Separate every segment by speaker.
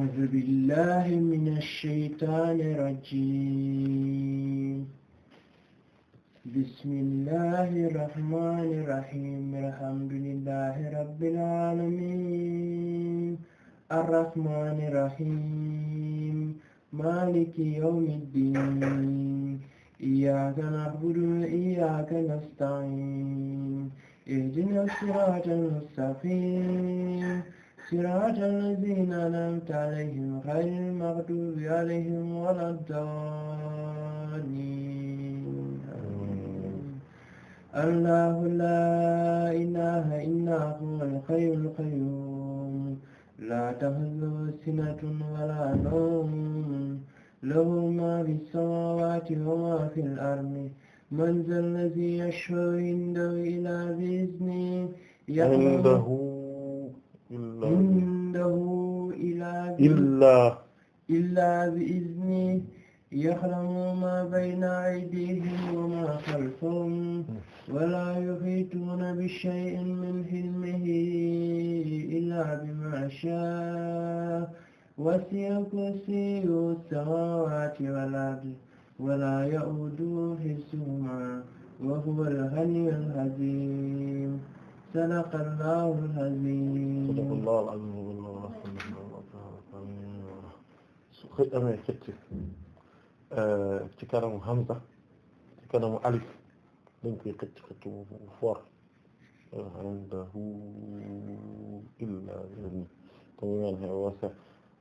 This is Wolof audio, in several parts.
Speaker 1: أعوذ بالله من الشيطان الرجيم بسم الله الرحمن الرحيم الحمد لله رب العالمين الرحمن الرحيم مالك يوم الدين إياك نعبد وإياك نستعين اهدنا الصراط المستقيم صراط الذين أنعمت عليهم غير المغضوب عليهم ولا الضالين الله لا إله إلا هو الحي القيوم لا تأخذه سنة ولا نوم له ما في السماوات وما في الأرض من ذا الذي يشفع عنده إلا بإذنه عنده indahu
Speaker 2: illaa
Speaker 1: illaa bi izni yaxlamu ma bayna aydihim wa ma xalfahum wala yuxiituuna bi shay'in min xilmihi illaa bimaa shaa wasi'a kursiyyuhu samaawaati wal ardi wala ya'uuduhu hifzuhumaa wa huwa al-'aliyyul 'aziim sadaqallaahu al-aziim.
Speaker 2: sadaqallaahu al-aziim. su ko amee xëcc ci kanamu Hamza ci kanamu Alif dañ koy xëcc xëcc bu fort. hamdahu illaa nii comme ni ma la waxee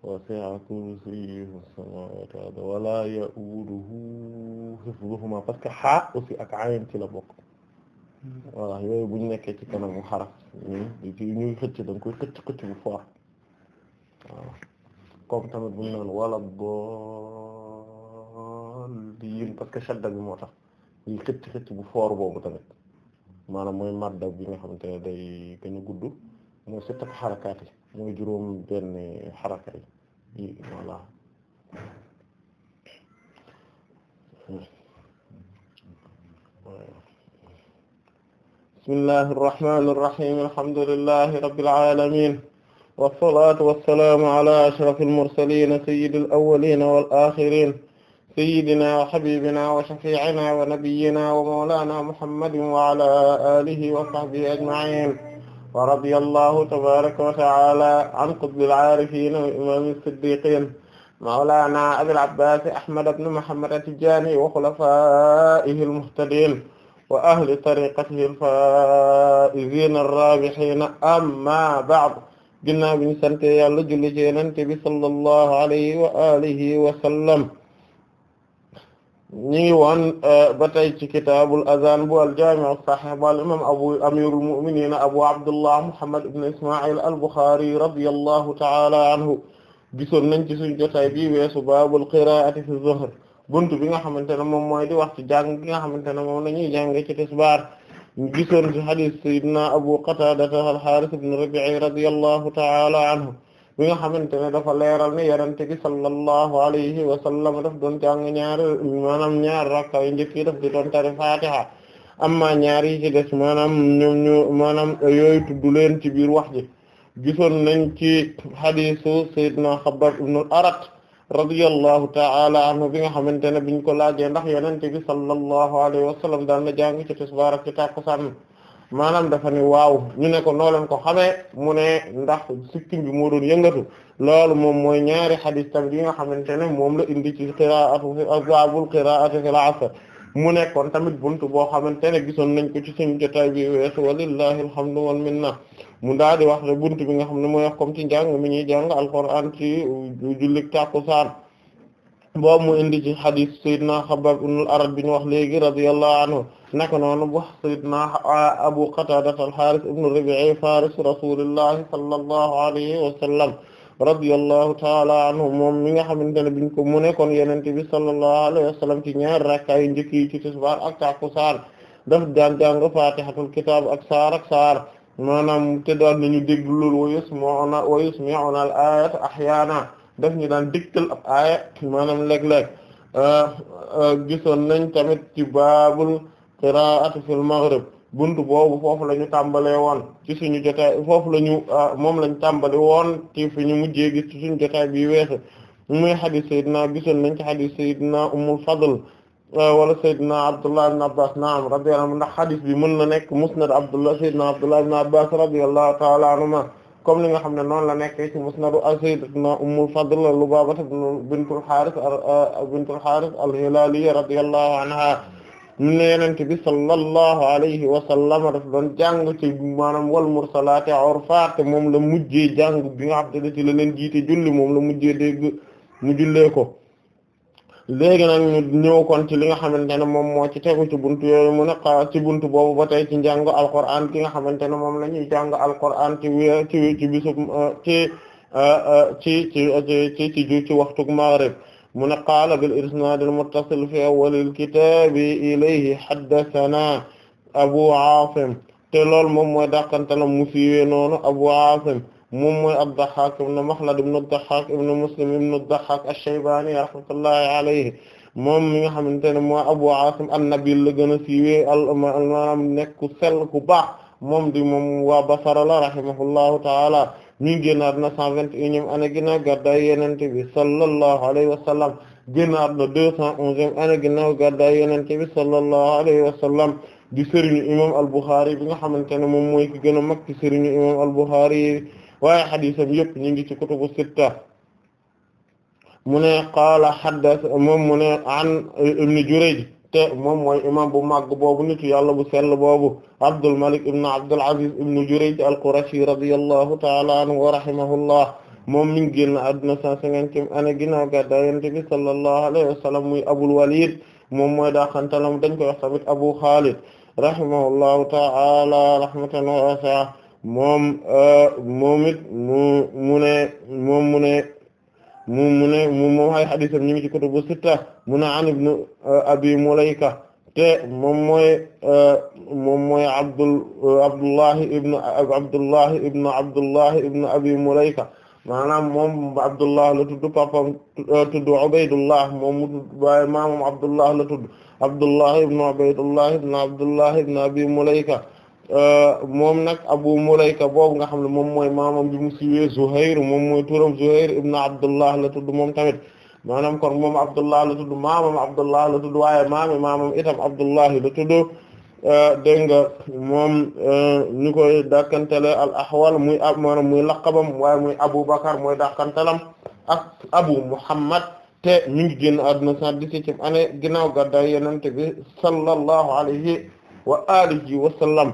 Speaker 2: wasi'a wasi'a kursiyyuhu as-samaawaati wal arda wa laa ya'uuduhu hifzuhumaa parce que xaa aussi ak ayn ci la bokk. voilà yooyu bu ñu nekkee ci kanamu xaraf ñu ci ñuy xëcc da nga koy xëcc xëcc bu fort waaw tamit bu ñu naan wala daalliin parce que shadda bi moo tax ñuy xëcc xëcc bu foor boobu tamit maanaam mooy madda bi nga xamante ne day gën a gudd mooy sett ak xarakaat mooy juróom benn xaraka hmm. bismillahi irrahmani irrahim alhamdulillahi rabbil alamin wassalatu wassalamu ala ashrafil mursalin sayyidil awwalin wal akhirin sayyidina wa habibina wa shafi'ina wa nabiyyina wa mawlana muhammadin wa ala alihi wa sahbihi ajma'in wa radiyallahu tabaraka wa ta'ala an qutbil arifin wa imamil siddiqin mawlana abil abbas ahmad ibn muhammad at-tijani wa khulafa'ihil muhtadin wa ahli tariqatihi al-faa'iziina ar-raabihiina amma ba'd ginnaaw bi ñu sant yàlla julli ci Yonent bi sallallahu alayhi wa alihi wa sallam ñi ngi woon eh, ba tey ci kitaabul azaan bu al-jaami' as-sahiih bu al-imaam abu amiirul mu'miniin abu abdullah muhammad ibn isma'il al-buxaari radiyallahu ta'ala anhu gisoon nañ ci suñu jotaay bi weesu baabul qiraa'ati fi zuhr bunt bi nga xamante ne moom mooy di wax ci jàng gi nga xamante ne moom la ñuy jànge ci tisbaar ñu gisoon ci hadith sayyidina Abu Qatada al-Harith ibn Rabi'i radiyallahu ta'ala anhu bi nga xamante ne dafa leeral ne yarante gi sallallahu alayhi wa sallam daf doon jàng ñaar maanaam ñaar rakka yu njëkk yi daf di doon tari fatiha amma ñaar yi ci des maanaam ñoom ñu maanaam yooyu tudd leen ci biir wax ji gisoon nañ ci hadithu sayyidina Xabbaab ibn al-Arat radiyallahu ta'ala anhu bi nga xamante ne biñ ko laajee ndax yonent bi sallallahu alayhi wa sallam daan na jàng ci tisbaar ak ci tàkkusaan maanaam dafa ne waaw ñu ne ko noo leen ko xamee mu ne ndax sikkim bi moo doon yëngatu loolu moom mooy ñaari xadis tamit yi nga xamante ne moom la indi ci qiraa'atu baabul qiraa'ati fil asr mu nekkoon tamit buntu boo xamante ne gisoon nañ ko ci suñu jotaay bi weesu walillahi alhamdu wal mu daal di wax rek buntu bi nga xam ne mooy wax comme ci njàng mi ñuy jàng alquran ci jullit tàkkusaan boobu mu indi ci hadith Seydina Xabbaab ibn bi ñu wax léegi radiyallahu anhu naka noonu bu Seydina Abu Qatada al-Haaris ibn Rabi'i faris rasulillahi sallallahu alayhi wa sallam ta'ala anhu moom mi nga xamante ne biñ ko mu ne kon yonent bi sallallahu alayhi wa ci ñaar rakka yu ci tisbaar ak tàkkusaan daf daan jàng Faatihatul kitaab ak saar ak maanaam te daan nañu dégg loolu wa yusmi'una wa yusmi'una al ayat ahyana daf ñu daan digtal ab aaya maanaam léeg-léeg euh, euh, gisoon nañ tamit ci baabul qira'ati fil maghrib bunt boobu foofu la ñu tàmbalee woon ci suñu jotaay foofu la ñu euh, moom lañ tàmbali woon ci fi ñu mujjee gis ci suñu jotaay bi weesu muy xadis naa gisoon nañ ci xadis sayyidina ummul fadl Eh, wala sayyidina Abdullah ibn Abbas naam radiyallahu anhu ndax xadis bi mën na nekk musnad Abdullah sayyidina Abdullah ibn Abbas radiyallahu ta'ala anhuma comme li nga xam ne noonu la nekk ci musnadu sayyidatuna Ummul Fadl Lubaaba bintul Haaris eh, bintul Haaris al-Hilaaliya radiyallahu anha mu ne Yonent bi sallallahu alayhi wa sallam daf doon jàng ci maanaam wal mursalaati urfaat moom la mujjee jàng bi nga xam te ne ci la leen jiite julli moom la mujjee dégg mu jullee ko léegi nag ñu ñëw ci li nga xamante ne moom moo ci tegu ci buntu yooyu mu ne ci buntu boobu ba tey ci njàngu Alqur'an ki nga xamante ne moom la ñuy jàng Alqur'an ci wéer ci ci bisub euh, euh, euh, ci ci ci ci ci ci waxtu maghrib mu ne qaala bil isnaad al muttasil fi awwal al kitaab ilayhi haddathana Abu Aasim te loolu moom mooy dàqante la mu siiwee noonu Abu Aasim moom mooy ad-Dahhak ibn Makhlad ibn ad-Dahhak ibn Muslim ibn ad-Dahhak ash-Shaybani rahmatullahi alayhi moom mi nga xamante ne mooy Abu Asim an-Nabil la gën a siiwee al maanaam nekk ku sell ku baax moom di moom waa Basra la rahimahullahu taala mi ngi génnaat na cent vingt et unième année ginnaaw gàddaay Yonent bi sallallahu alayhi wa sallam génnaat na deux cent onzième année ginnaaw gàddaay Yonent bi sallallahu alayhi wa sallam di sëriñu imam al-Bukhari bi nga xamante ne moom mooy ki gën a mag ci sëriñu imam al-Bukhari waaye xadisam yëpp ñu ngi ci kutubu sitta mu ne qaala xaddas moom mu ne an ibn Jurayj te moom mooy imam bu màgg boobu nitu yàlla bu sell boobu Abdul Malik ibn Abdul Aziz ibn Jurayj al-Qurashi radiyallahu ta'ala anhu wa moom mi ngi génn àdduna cent cinquantième année ginnaaw gàddaay Yonent bi sallallahu alayhi wa sallam muy Abul Walid moom mooy daaxantalam dañ koy wax tamit Abu Khalid rahimahullahu ta'ala rahmatan wasi'a moom euh, moom it mu mu ne moom mu ne mu mu ne moom ay xadiisam ñu ngi ci kutubu sitta mu ne an ibnu euh, abi mulayka te moom mooy euh, moom mooy abdul abdullahi ibnu abdullahi ibnu abdullahi ibnu abi mulayka maanaam moom abdullah la tudd papam tudd ubaydullah moom mu tudd baay maamam abdullah la tudd abdullahi ibnu ubaydullah ibnu abdullahi ibnu abi mulayka Euh, moom nag Abu Mulayka boobu nga xam ne moom mooy maamam bi mu siiwee moom mooy turam Zuhair ibn Abdullah la tudd moom tamit maanaam kon moom Abdullah la tudd maamam Abdullah la tudd waaye maami maamam itam Abdullah la tudd euh, dégg nga moom euh, ñu koy dàkkantele al ahwal muy ab maanaam muy laqabam waaye muy Abu Bakar mooy dàkkantalam ak Abu Muhammad te ñu ngi génn àdduna 117e année ginnaaw gàddaay Yonent bi sallallahu alayhi wa alihi wa sallam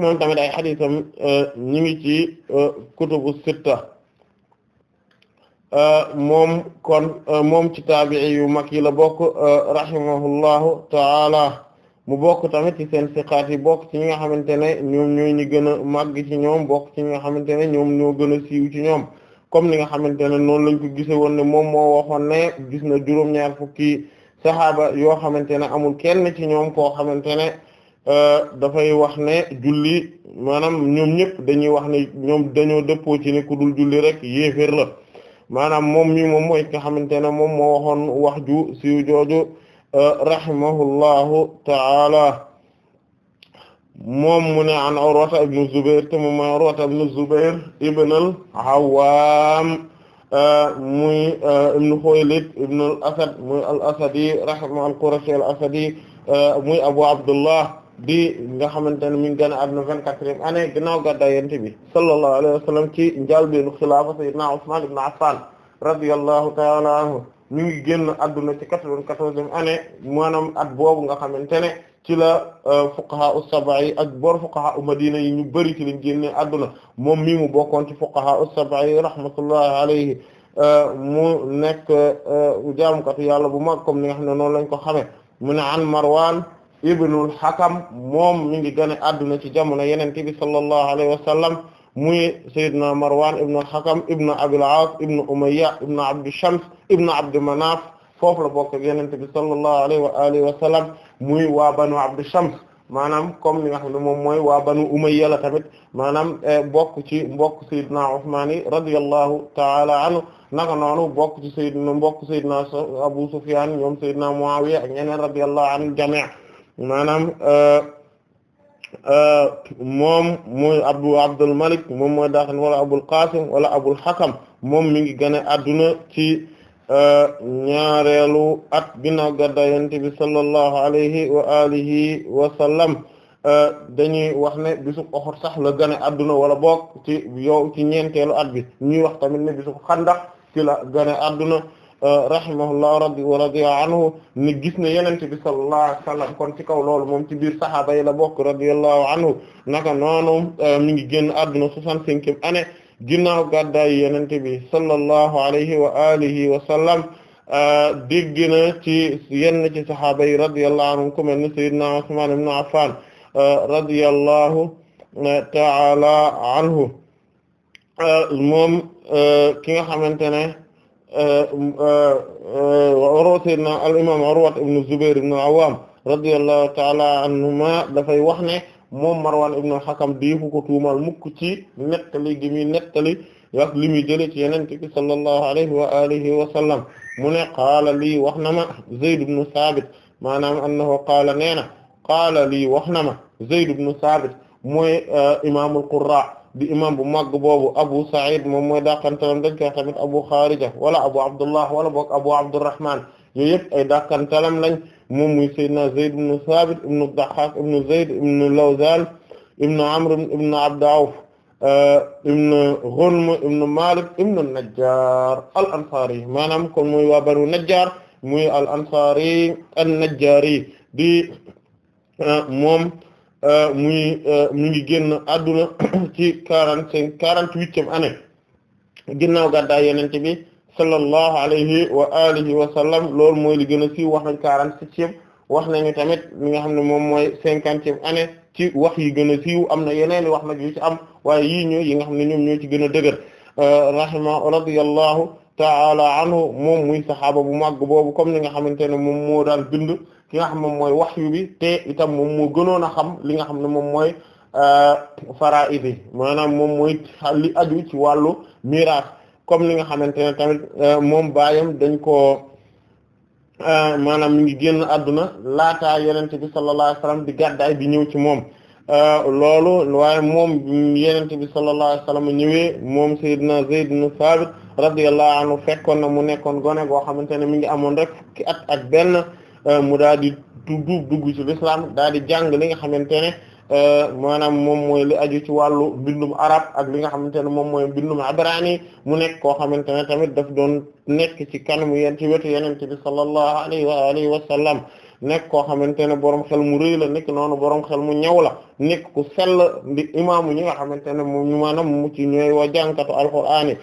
Speaker 2: moom tamit ay xadiisam euh, ñu ngi ci euh, kutubu sitta euh, moom kon moom ci taabi'i yu mag yi la bokk rahimahullahu taala mu bokk tamit ci seen siqaat yi bokk ci ñi nga xamante ne ñoom ñooy gën a màgg ci ñoom bokk ci ñi nga xamante ne ñoom ñoo gën siiw ci ñoom comme ni nga xamante ne noonu lañ ko woon ne moom moo waxoon ne gis na juróom-ñaar fukki saxaaba yoo xamante ne amul kenn ci ñoom koo xamante ne Euh, dafay wax ne julli maanaam ñoom ñëpp dañuy wax ne ñoom dañoo dëppoo ci ne ku dul julli rek yéeféer la maanaam moom mi moom mooy nga xamante ne moom moo waxoon wax ju siiw jooju euh, rahimahullahu taala moom mu ne an Urwata ibnu Zubair te moom mooy Urwata ibnu al-Awwam euh, muy ibnu Xuwaylid ibnu al-Asad muy al-Asadi rahima al-Qurashi asadi muy Abu Abdullah di nga xamante ne mi ngi gën a àdduna vingt-quatrième année ginnaaw gàddaay yonent bi sallallahu alayhi wa sallam ci njàlbéenu xilaafa na Usmaan ibn Affaan radiyallahu ta'ala anhu mi ngi génn àdduna ci quatre-vingt-quatorzième année maanaam at boobu nga xamante ne ci la euh, fuqaha us-sab'a yi ak bor fuqaha u Madina yi ñu bari ci lañ génne àdduna moom mii mu bokkoon ci fuqaha us-sab'a yi rahmatullahi alayhi euh, mu nekk euh, jaamukatu yàlla bu mag comme ni nga xam ne noonu lañ ko xamee ibnul Hakam moom mi ngi gane adduna ci jamono yenen bi sallallahu alayhi wa sallam muy Seydina Marwan ibn hakam ibn Abil Aas ibn Umayya ibn Abdi Shams ibn Abdi Manaf foofu la bokk Yonent bi sallallahu alayhi wa alihi muy waa Banu Abdi Shams maanaam comme ni nga xam mooy waa Banu Umayya la tamit maanaam eh, bokk ci mbokk Seydina Usmaan radiyallahu noonu bokk ci mbokk Seydina Abu Sufyaan ñoom Seydina Muawiya ak ñeneen radiyallahu anhu jami' maanaam euh, euh, moom mooy abu abdul malik moom mooy daaxan wala abul qasim wala abul hakam moom mi ngi gane adduna ci euh, ñaareelu at ginnaaw gadda yonent bi sallallahu alayhi wa alihi wa sallam dañuy wax ne bisub Uhud sax la gane adduna wala boog ci yow ci ñeenteelu at bi ñuy wax tamit ne bisub Xandaq ci la gane adduna rahimahullahu rabbi wa radiya anhu ni gis ne yenent bi sallallahu alayhi wasallam kon ci kaw loolu moom ci biir sahaaba yi la bokk radiyallahu anhu naka noonu euh, mi ngi génn adduna soixante-cinquième année ginnaaw gàddaayi yenent bi sallallahu alayhi wa alihi wa sallam euh, dégg na ci yenn ci sahaaba yi radiyallahu anhum ku mel ni sayyidina Usman ibn Affan euh, radiyallahu ta'ala anhu moom ki nga xamante ne Urwa sayyidina al imam Urwa ibn Zubair ibn al-Awwam radiyallahu ta'ala anhuma dafay wax ne moom Marwan ibn al-Hakam deefu ko tuumal mukk ci nettali gi muy nettali wax li muy jëlee ci Yonent bi sallallahu alayhi wa alihi wa sallam mu ne qaala lii wax na ma Zayd ibn Thabit maanaam annahu qaala nee na qaala lii wax na ma Zayd ibn Thabit mooy imaamul qurra di imam bu mag boobu Abu Sa'id moom mooy dàqantalam dañ koy tamit Abu Kharija wala Abu Abdullah wala boog Abu Abdurrahman yooyu yëpp ay dàqantalam lañ moom muy Seydina Zayd ibn Sabit ibn Dahhak ibn Zayd ibn Lawzan ibn Amr ibn Abd Awf euh, ibn Ghunm ibn Malik ibn Najjar al-Ansari maanaam kon muy waa Banu Najjar muy al-Ansari an di euh, moom. Euh, muy euh, mu ngi génn adduna ci quarant cinq quarante huitième année ginnaaw gàddaay yenente bi sallallahu alayhi wa alihi wa sallam loolu mooy li gën a siiw wax nañ quarante septième wax ni tamit li nga xam ne moom mooy cinquantième année ci wax yi gën a siiw am na yeneen wax nag yu ci am waaye yii ñoo yi nga xam ne ñoom ñoo ci gën a dëgër euh, rahima radiyallahu taala anhu moom muy saxaaba bu màgg boobu comme ni nga xamante ne moom moo daal bind ki nga xam moom mooy waxyu bi te itam moom moo gënoon a xam li nga xam ne moom mooy euh, faraa'id yi maanaam moom mooy li aju ci wàllu miraas comme ni nga xamante ne tamit euh, moom baayam dañ koo euh, maanaam mi ngi génn àdduna laataa yonent bi sallallahu alayhi wasallam di gàddaay bi ñëw ci moom Euh, loolu waaye moom yenente bi sallallahu alayhi wasallam ñëwee moom sayyidina Zayd ibn Thabit radiyallahu anhu fekkoon na mu nekkoon gone goo xamante ne mi ngi amoon rek fukki at ak benn euh, mu daal di dugg dugg ci daal di jàng li nga xamante ne euh, maanaam moom mooy li aju ci wàllu bindum arab ak li nga xamante ne moom mooy bindum abrani mu nekk koo xamante ne tamit daf doon nekk ci kanamu yeen ci wetu yenente bi sallallahu alayhi wa alihi wasallam nekk koo xamante ne borom xel mu rëy la nekk noonu borom xel mu ñaw la nekk ku sell di imaamu ñi nga xamante ne moom ñu maanaam mu ci ñooy wa jànkatu alquraan yi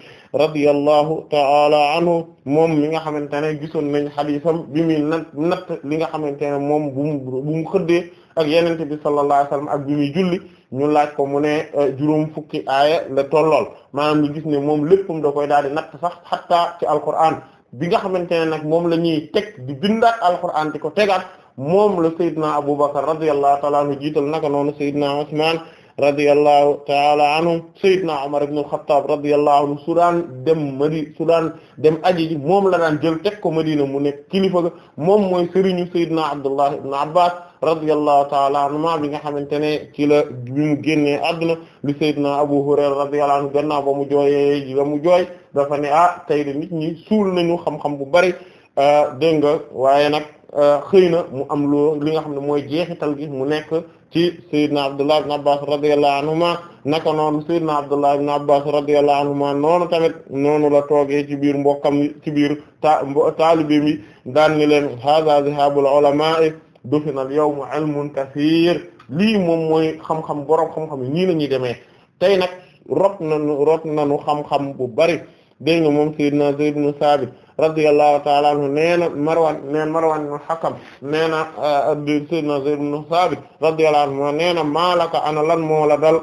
Speaker 2: radiyallahu ta'ala anhu moom mi nga xamante ne gisoon nañ xadiisam bi muy nat natt li nga xamante ne moom bu mu bu mu xëddee ak yenente bi sallallahu alayhi wasallam ak bi muy julli ñu laaj ko mu ne euh, juróom fukki aaya la tollool maanaam ñu gis ne moom léppam da koy daal di natt sax xatta ci alquraan bi nga xamante ne nag moom la ñuy teg bi bindaat alquran di ko tegaat moom la Seydina Aboubacar radiyallahu taala anhu jiital naka noonu Seydina Usman radiyallahu taala anhu Seydina Umar ibn al-Khattab radiyallahu anhu su daan dem Madi su daan dem aji ji moom la daan jël teg ko Madina mu nekk kilifa moom mooy sëriñu Seydina Abdullah ibn Abbas radiyallahu taala anhuma bi nga xamante ne ci la bi mu génnee adduna li sayyidina Abu Hurayra radiyallahu anhu gannaaw ba mu jooyee ba mu jooy dafa ne ah tey de nit ñi suul nañu xam-xam bu bari euh, dégg nga waaye nag euh, xëy na mu am loo li nga xam ne mooy jeexital gi mu nekk ci sayyidina Abdullah ibn Abbas radiyallahu anhuma naka noonu sayyidina Abdullah ibn Abbas radiyallahu anhuma noonu tamit noonu la toogee ci biir mbokkam ci biir ta taalibe mi daan ni leen hada zihabul ulama dufina al-yawma ilmun kasiir lii moom mooy xam-xam borom xam-xam yi nii la ñuy demee tey nag rot nañu rot nañu xam-xam bu bari dégg nga moom sayyidina Zayd ibn Sabit radiyallahu ta'ala anhu nee na Marwan nee na Marwan ibn Hakam nee na ah, sayyidina Zayd ibn Sabit radiyallahu anhu nee na maalaka ana lan moo la dal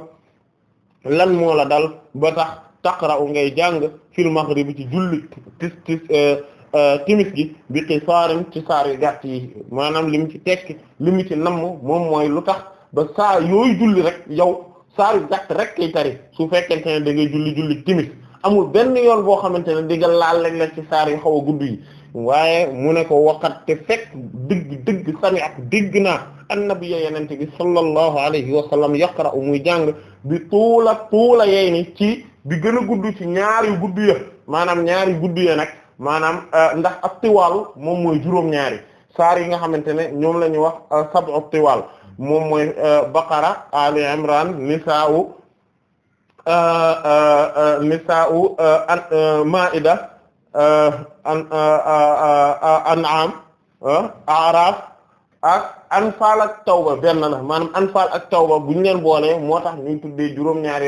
Speaker 2: lan moo dal ba tax taqra'u ngay jàng fil maghrib ci julli eh, Euh, timis gi bi qisaarin ci saar yu gàtt yi maanaam li ci tekki li mu ci namm moom mooy lu tax ba saa yooyu julli rek yow saar yu gàtt rek kay tari su fekkente ne da ngay julli julli timis amul benn yoon boo xamante ne di nga laal lañ la ci saar yu xaw a gudd yi waaye mu ne ko waqat te fekk dëgg dëgg sami ak dëgg naa annabi ya yenente bi sallallahu alayhi wa sallam yaqra'u muy jàng bi tuula tuula yey ni ci bi gën a gudd ci ñaari gudd ya maanaam ñaari gudd nag maanaam euh, ndax ab tiwaal moom mooy juróom-ñaari saar yi nga xamante ne ñoom la ñuy wax euh, sab'u tiwaal moom mooy euh, Baqara Ali Imran Nisaa'u Nisaa'u Maa'ida An'am A'raf ak Anfaal ak Tawba benn la maanaam Anfaal ak Tawba ñu leen boolee moo tax ñu tuddee juróom-ñaar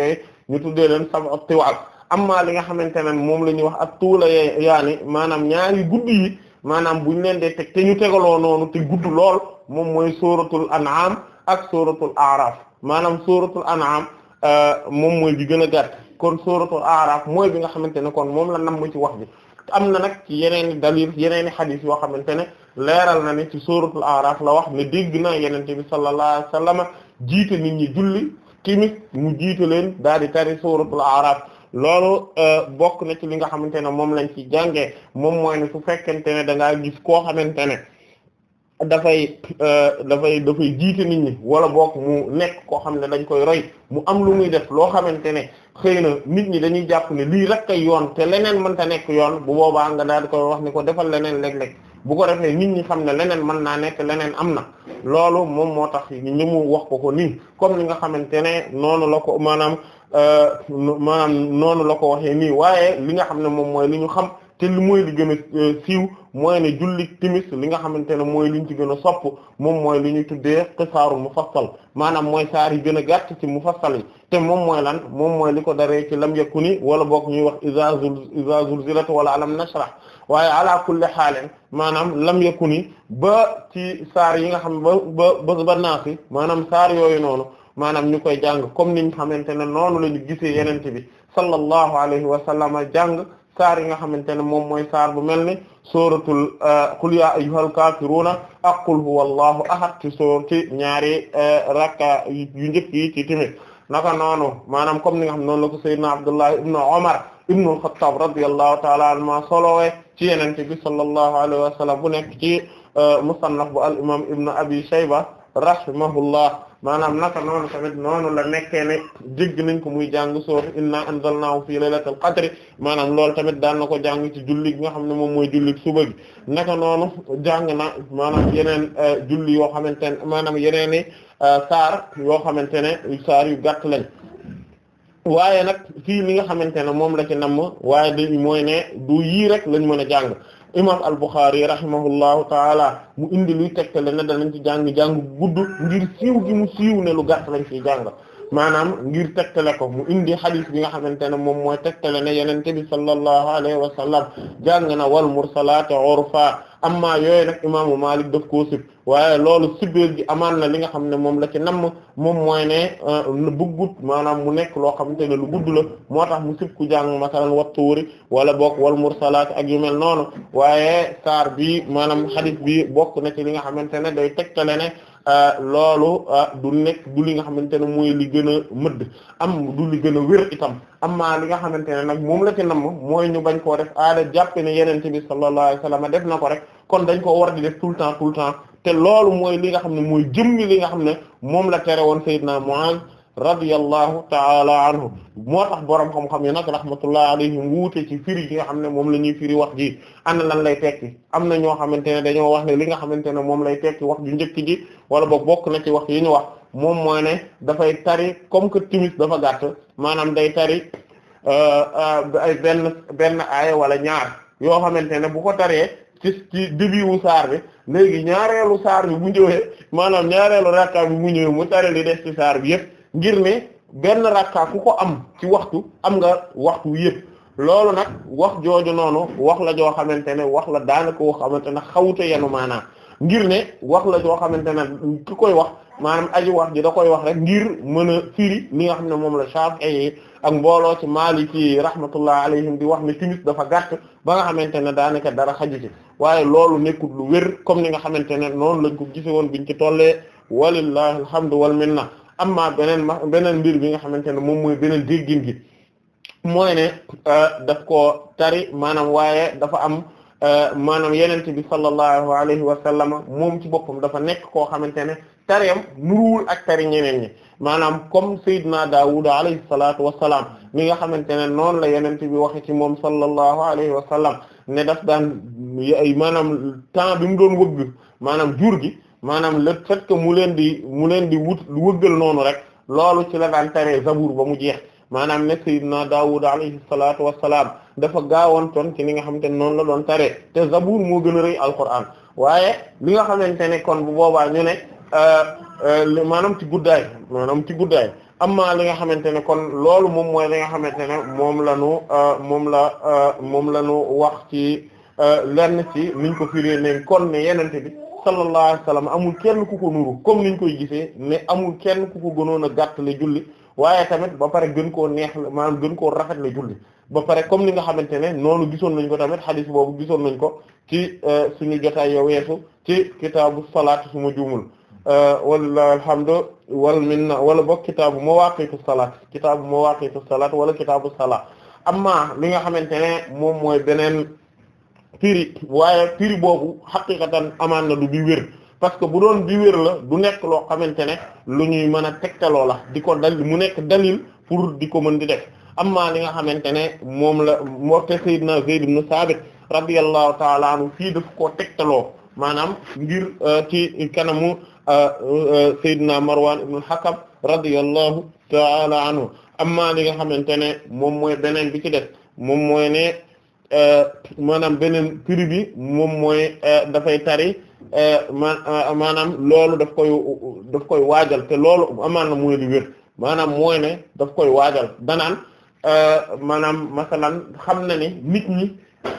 Speaker 2: ñu tuddee leen sab'u tiwaal amma li nga xamante ne moom la ñuy wax ak tuula yaani maanaam ñaari gudd yi maanaam buñ leen dee teg te ñu tegaloo noonu te gudd lool moom mooy sóoratul an'am ak sóoratul a'raf maanaam sóoratul an'am euh, moom mooy bi gën a gàtt kon sóoratul a'raf mooy bi nga xamante ne kon moom la nam ci wax bi am na nag ci yeneen i dalil yeneen i xadis yoo xamante ne leeral na ne ci sóoratul a'raf la wax ne dégg na yenente bi sallallahu alayhi wasallam jiite nit ñi julli timis mu leen daal di tari sóoratul a'raf loolu euh, bokk na ci li nga xamante ne moom lañ ci jàngee moom mooy ne su fekkente ne da gis koo xamante ne dafay euh, dafay dafay jiite nit ñi wala bokk nekk koo xam ne dañ koy roy mu am lu muy def loo xamante ne xëy na nit ñi dañuy jàpp ne lii rek kay yoon te leneen mënta nekk yoon bu boobaa nga daal di koy wax ni ko defal leneen léeg-léeg bu ko defee nit ñi xam ne leneen mën naa nekk leneen am na loolu moom moo tax ñi mu wax ko ko nii comme li nga xamante ne noonu la ko maanaam Euh, maanaam noonu la ko waxee nii waaye li nga xam ne moom mooy li ñu xam te li mooy li gën a euh, siiw mooy ne julli timis li nga xamante ne mooy liñ ci gën a sopp moom mooy li ñu tuddee xisaaru mufassal maanaam mooy saar yi gën a gàtt ci mufassal yi te moom mooy lan moom mooy li ko daree ci lam ni wala boog ñuy wax iza zul iza zulzilat wala alam nashrah waaye ala kulli xaalen maanaam lam yakuni ba ci saar yi nga xam ba ba ba naasi maanaam saar yooyu noonu maanaam ñu koy jàng comme niñ xamante ne noonu la ñu gisee yenente bi sallallahu alayhi wa sallam jàng saar yi nga xamante ne moom mooy saar bu mel ni sooratul euh, qul ya ayyuhal kaafiruuna ak qul huwallahu ahad ci sóor ci ñaari euh, rakka yu njëkk yi ci timit naka noonu maanaam comme ni nga xam noonu la ko sayyidna Abdullah ibn Umar ibn al-Khattab radiyallahu ta'ala anhuma solowee ci yenente bi sallallahu alayhi wa sallam bu nekk ci euh, musannaf bu al imam ibn abi shayba rahimahullah maanaam naka noonu tamit noonu la nekkee ne jégg nañ ko muy jàng soor inna anzalnaahu fii laylatil qadri maanaam lool tamit daan na ko jàng ci julli gi nga xam ne moom mooy julli suba gi naka noonu jàng na maanaam yeneen euh, julli yoo xamante ne maanaam yeneen i euh, saar yoo xamante ne saar yu gàtt lañ waaye nag fii li nga xamante ne moom la ci namm waaye dañu mooy ne du yii rek lañ mën a jàng imam al-Bukhari rahimahullahu taala mu indi luy tegtale ne danañ ci jàng jàng gudd ngir siiw gi mu siiw ne lu gàtt lañ ciy jàng maanaam ngir tegtale ko mu indi xadis bi nga xamante ne moom mooy tegtale ne yenente bi sallallahu alayhi wa sallam jàng na wal mursalaati urfa amma yooyu nag imaamu Maalik daf koo sib waaye loolu sibeel gi amaan na li nga xam ne moom la ci namm moom mooy ne lu euh, bëggut maanaam mu nekk loo xamante ne lu gudd la moo tax mu sib ku jàng masalan wattuuri wala bok wal mursalaat ak yu mel noonu waaye saar bi maanaam xadis bi bokk na ci li nga xamante ne day tegtale ne Euh, loolu euh, du nekk du li nga xamante ne mooy li gën a mëdd am du li gën a wér itam amma li nga xamante ne nag moom la ci namm mooy ñu bañ koo def aada jàppe ne yenente bi sallallahu alayhi wasallam def na ko rek kon dañ koo war di def tout le temps tout le temps te loolu mooy linga xam ne mooy jëmmi li nga xam ne moom la tere woon Seydina Muaz radiyallahu taala anhu moo tax boroom xam-xam yi nag rahmatullahi alayhim wuute ci firi yi nga xam ne moom la ñuy firi wax ji ana lan lay tekki am na ñoo xamante ne dañoo wax ne li nga xamante ne moom lay tekki wax ju njëkk ji wala boog bokk na ci wax yi ñu wax moom moo ne dafay tari comme que timis dafa gàtt maanaam day tari euh, ay benn benn aaya wala ñaar yoo xamante ne bu ko taree ci ci début wu saar bi léegi ñaareelu saar bi mu ñëwee maanaam ñaareelu rakka bi mu ñëwee mu tari li des bi yëpp ngir ne benn rakka ku ko am ci waxtu am nga waxtu yëpp loolu nag wax jooju noonu wax la joo xamante ne wax la daanaka woo xamante ne xawuta yenu maanaam ngir ne wax la joo xamante ne ki koy wax maanaam aji wax ji da koy wax rek ngir mën a firi li nga xam ne moom la Shafi'i ak mbooloo ci Maliki rahmatullah alayhim di wax ne timis dafa gàtt ba nga xamante ne daanaka dara xaju ci waaye loolu nekkut lu wér comme ni nga xamante ne noonu lañ ko gise woon biñ ci tollee walillahi alhamdu wal minna amma beneen ma beneen mbir bi nga xamante ne moom mooy beneen déggin gi mooy ne euh, daf koo tari maanaam waaye dafa am euh, maanaam yenente bi sallallahu alayhi wa sallam moom ci boppam dafa nekk koo xamante ne tariyam nuruwul ak tari maanaam comme Seydina Daawud alayhi salaatu wa salaam mi nga xamante ne noonu la yenente bi waxe ci moom sallallahu alayhi wa sallam ne daf daan maanaam temps bi mu doon wëgg maanaam jur gi maanaam le fait que mu leen di mu leen di wut wëggal noonu rek loolu ci la daan taree zabur ba mu jeex maanaam ne sayyidina Daawud alayhi salaatu wassalaam gaawoon gaawantoon ci li nga xamante ne noonu la doon taree te zabur moo gën a rëy alquran waaye li nga xamante ne kon bu boobaa ñu ne euh, euh, maanaam ci guddaay maanaam ci guddaay amma li nga xamante ne kon loolu moom mooy li nga xamante ne moom la nu euh, moom la moom la nu wax ci lenn ci niñ ko firée ne kon ne yenente bi sallallahu alayhi wa sallam amul kenn ku ko nuru comme niñ koy gisee mais amul kenn ku ko gënoon gàtt le julli waaye tamit ba pare gën koo neex maanaam gën koo rafetle julli ba pare comme li nga xamante ne noonu gisoon nañ ko tamit xadis boobu gisoon nañ ko ci euh, suñu jotaay yo weesu ci kitaabu salaat su ma juumul euh, walillahi alhamdu wal minna wala boog kitaabu mawaaqiitu salaat kitaabu mawaaqiitu salaat wala kitaabu salaat amma li nga xamante ne moom mooy beneen firi waaye firi boobu xaqiqatan amaan na du bi wér parce que bu doon bi wér la du nekk loo xamante ne lu ñuy mën a tegtaloo la di ko dal mu nekk dalil pour di ko mën di def amma li nga xamante ne moom la morte Seydina mu ibn Sabit radiyallahu ta'ala anhu fii daf koo tegtaloo maanaam ngir euh, ci kanamu euh, euh, Seydina Marwan ibn al-Hakam radiyallahu ta'ala anhu amma li nga xamante ne moom mooy beneen bi ci def moom mooy ne Euh, maanaam beneen prix bi moom mooy euh, dafay tari euh, maanaam loolu daf koy daf koy waajal te loolu amaan na mooy li wér maanaam mooy ne daf koy waajal danaan maanaam masalan xam na ne nit ñi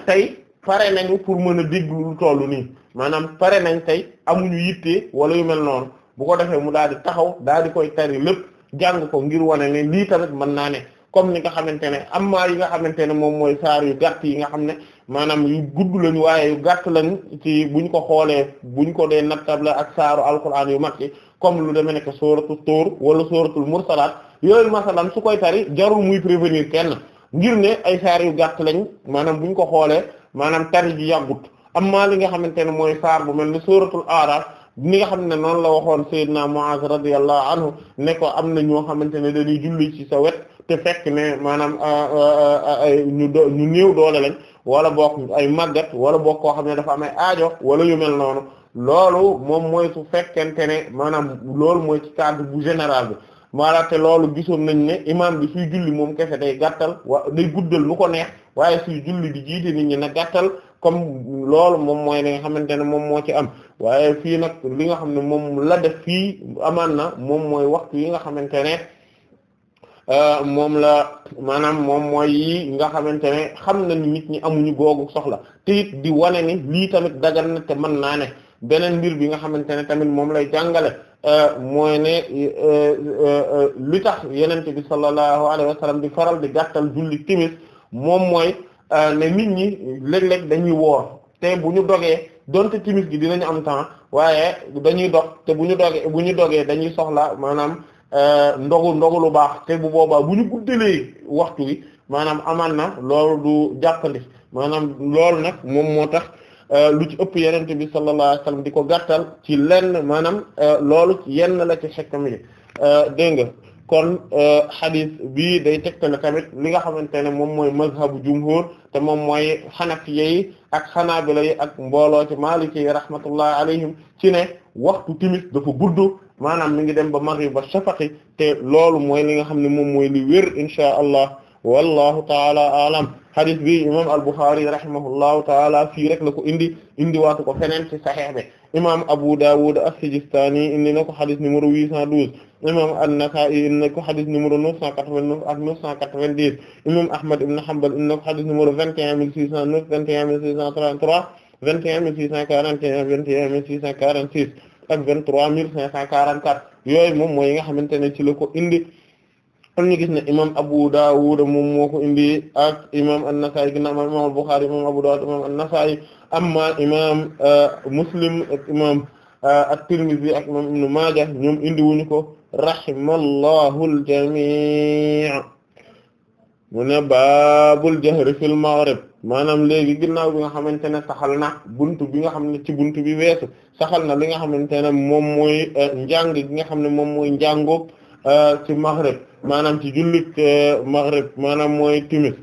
Speaker 2: tey pare nañu pour mën a déglu lu tollu nii maanaam pare nañ tey amuñu yitte wala yu mel noonu bu ko defee mu daal taxaw daal di koy tari lépp jàng ko ngir wane ne lii tamit mën naa ne comme ni nga xamante ne amma yi nga xamante ne moom mooy saar yu gàtt yi nga xam ne maanaam yu gudd lañ waaye yu gàtt lañ ci buñ ko xoolee buñ ko dee nattab la ak saaru alquran yu mag yi comme lu deme nekk sóoratul tóor wala sóoratul mursalaat yooyu masalan su koy tari jarul muy prévenir kenn ngir ne ay saar yu gàtt lañ maanaam buñ ko xoolee maanaam tari ji yàggut amma li nga xamante ne mooy saar bu mel ni sóoratul aaraaf ni nga xam ne noonu la waxoon sayyidna Muaz radiyallahu anhu ne ko am na ñoo xamante ne dañuy julli ci sa te fekk ne maanaam ah, ah, ah, ay ñu do ñu néew doole lañ wala bokk ay màggat wala bokk koo xam ne dafa am ay aajo wala yu mel noonu loolu moom mooy su fekkente ne maanaam loolu mooy ci cadre bu général bi maanaam te loolu gisoon nañ ne imam bi suy julli moom kese day gàttal wa day guddal lu ko neex waaye suy julli di jiite nit ñi na gàttal comme loolu moom mooy li nga xamante ne moom moo ci am waaye fii nag li nga xam ne moom la def fii amaan na moom mooy waxtu yi nga xamante ne Euh, moom la maanaam moom mooy yi nga xamante ne xam na nit ñi amuñu googu soxla te it di wane ni lii tamit dagan na te mën naa ne beneen mbir bi nga xamante ne tamit moom lay jàngale euh, mooy ne euh, li tax yenente bi sallallahu alayhi wa di faral di gàttal julli timis moom mooy ne nit ñi léeg-léeg dañuy woor te bu ñu dogee donte timis gi dinañu am temps waaye dañuy dog te bu ñu dogee bu ñu dogee dañuy soxla maanaam Euh, ndogu ndogu lu baax te bu boobaa bu ñu guddalee waxtu wi maanaam amaan na loolu du jàppandi maanaam loolu nag moom moo tax euh, lu ci ëpp yenent bi sallallahu alayhi wasallam di ko gàttal ci lenn maanaam euh, loolu yenn la ci xekkam yi dégg nga kon hadith bii day tegtale tamit li nga xamante ne moom mooy mazhabu jumhur te moom mooy hanafiya yey ak hanaabila yi ak mbooloo ci maaliki yi rahmatullah alayhim ci ne waxtu timis dafa gudd maanaam mi ngi dem ba maghrib ba shafaqi loolu mooy li nga xam ne moom mooy li wér insha allah wallahu taala alam hadith bi imam al-Bukhari rahimahullahu taala fii rek la ko indi indi waatu ko feneen ci sahih bi imam Abu Dawud as-Sijistani indi na ko hadith numéro 812 imam an-Nasa'i indi na ko hadith numéro 989 ak 990 imam Ahmad ibn Hanbal indi na ko hadith numéro 21609 21633 21641 21646 ak vingt-trois mille cinq cent quarante-quatre yooyu moom mooy yi nga xamante ne ci la ko indi kon ñu gis ne imam Abu Dawud mo moo ko indi ak imam An-Nasa'i ginnaaw imam imam Al-Bukhari imam Abu Dawud imam an amma imam euh, Muslim ak imam euh, At-Tirmidhi ak imam Ibn Majah ñoom indi wuñu ko rahimallahu al-jami' mu ne baabul jahri fil maanaam léegi ginnaaw bi nga xamante ne saxal na buntu bi nga xam ne ci buntu bi weesu saxal na li nga xamante ne moom mooy euh, njàng gi nga xam ne moom mooy njàngoog euh, ci maghrib maanaam ci jullit euh, maghrib maanaam mooy timis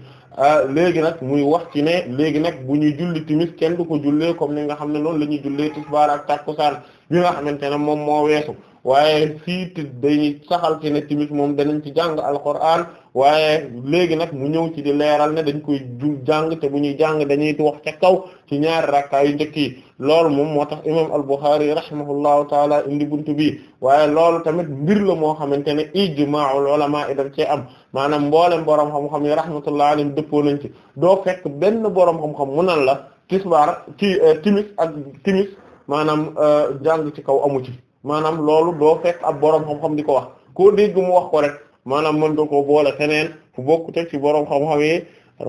Speaker 2: léegi nag muy wax ci ne léegi nag bu ñuy julli timis kenn du ko jullee comme ni nga xam ne noonu la ñuy jullee tisbaar ak takkusaan bi nga xamante ne moom moo weesu waaye fii ti day saxal ci ne tamit moom danañ ci jàng alquran waaye léegi nag mu ñëw ci di leeral ne dañ koy ju jàng te bu ñuy jàng dañuy wax ca kaw ci ñaari rakkaa yu njëkk yi loolu moom moo tax imam al-Bukhari rahimahullahu taala indi buntu bi waaye loolu tamit mbir la moo xamante ne ijma'ul ulama daf cee am maanaam mboolem borom xam-xam yi rahmatullahi alayhim dëppoo nañ ci doo fekk benn borom xam-xam mu nan la tisbaar ci timis ak timis maanaam euh, jàng ci kaw amu ci maanaam loolu doo fekk ab borom xam-xam di ko wax koo dégg mu wax ko rek maanaam mën nga koo boole feneen fu bokk teg ci borom xam-xam yi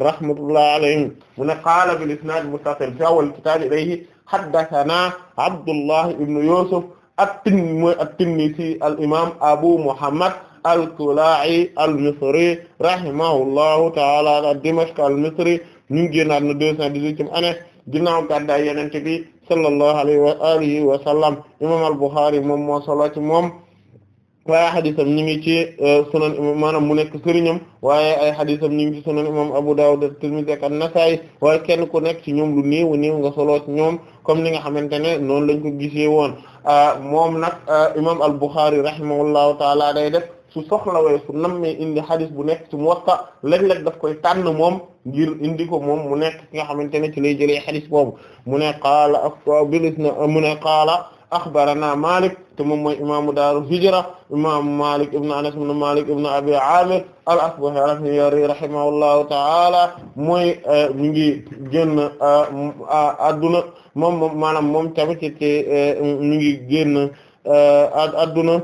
Speaker 2: rahmatullahi alayhim mu ne qaala bil isnaad muttasil fi awwal kitaab ilayhi haddathana Abdullah ibn Yusuf at-Tinni mooy at-Tinnisi al imam Abu Muhammad al-Kala'i al-Misri rahimahullahu ta'ala ad-Dimashq al-Misri ñu ngi génnaat na deux cent dix-huitième année ginnaaw gàddaay Yonent bi sallallahu alayhi wa alihi wa sallam imam al-Bukhari moom moo solo ci moom waaye xadisam ñu ngi ci uh, sunan maanaam mu nekk sëriñam waaye ay xadisam ñu ngi ci sunan imam Abu Dawud at-Tirmidhi ak an-Nasa'i waaye kenn ku nekk ci ñoom lu néew néew nga solo ci ñoom comme ni nga xamante ne noonu lañ ko gisee woon uh, moom nag uh, imam al-Bukhari rahimahullahu ta'ala day def su soxlawee su nammee indi xadis bu nekk ci Muwatta léeg-léeg daf koy tànn moom ngir indi ko moom mu nekk ki nga xamante ne ci lay jëlee xadis boobu mu ne qaala bilis na mu ne qaala axbarana Malik te moom mooy imaamu daaru hijra imaamu Malik ibn Anas ibn Malik ibn Abi Amir al-Asbahi rahimahullahu ta'ala mooy eh, mi ngi génn eh, adduna moom moom maanaam moom tamit ci eh, mi ngi génn adduna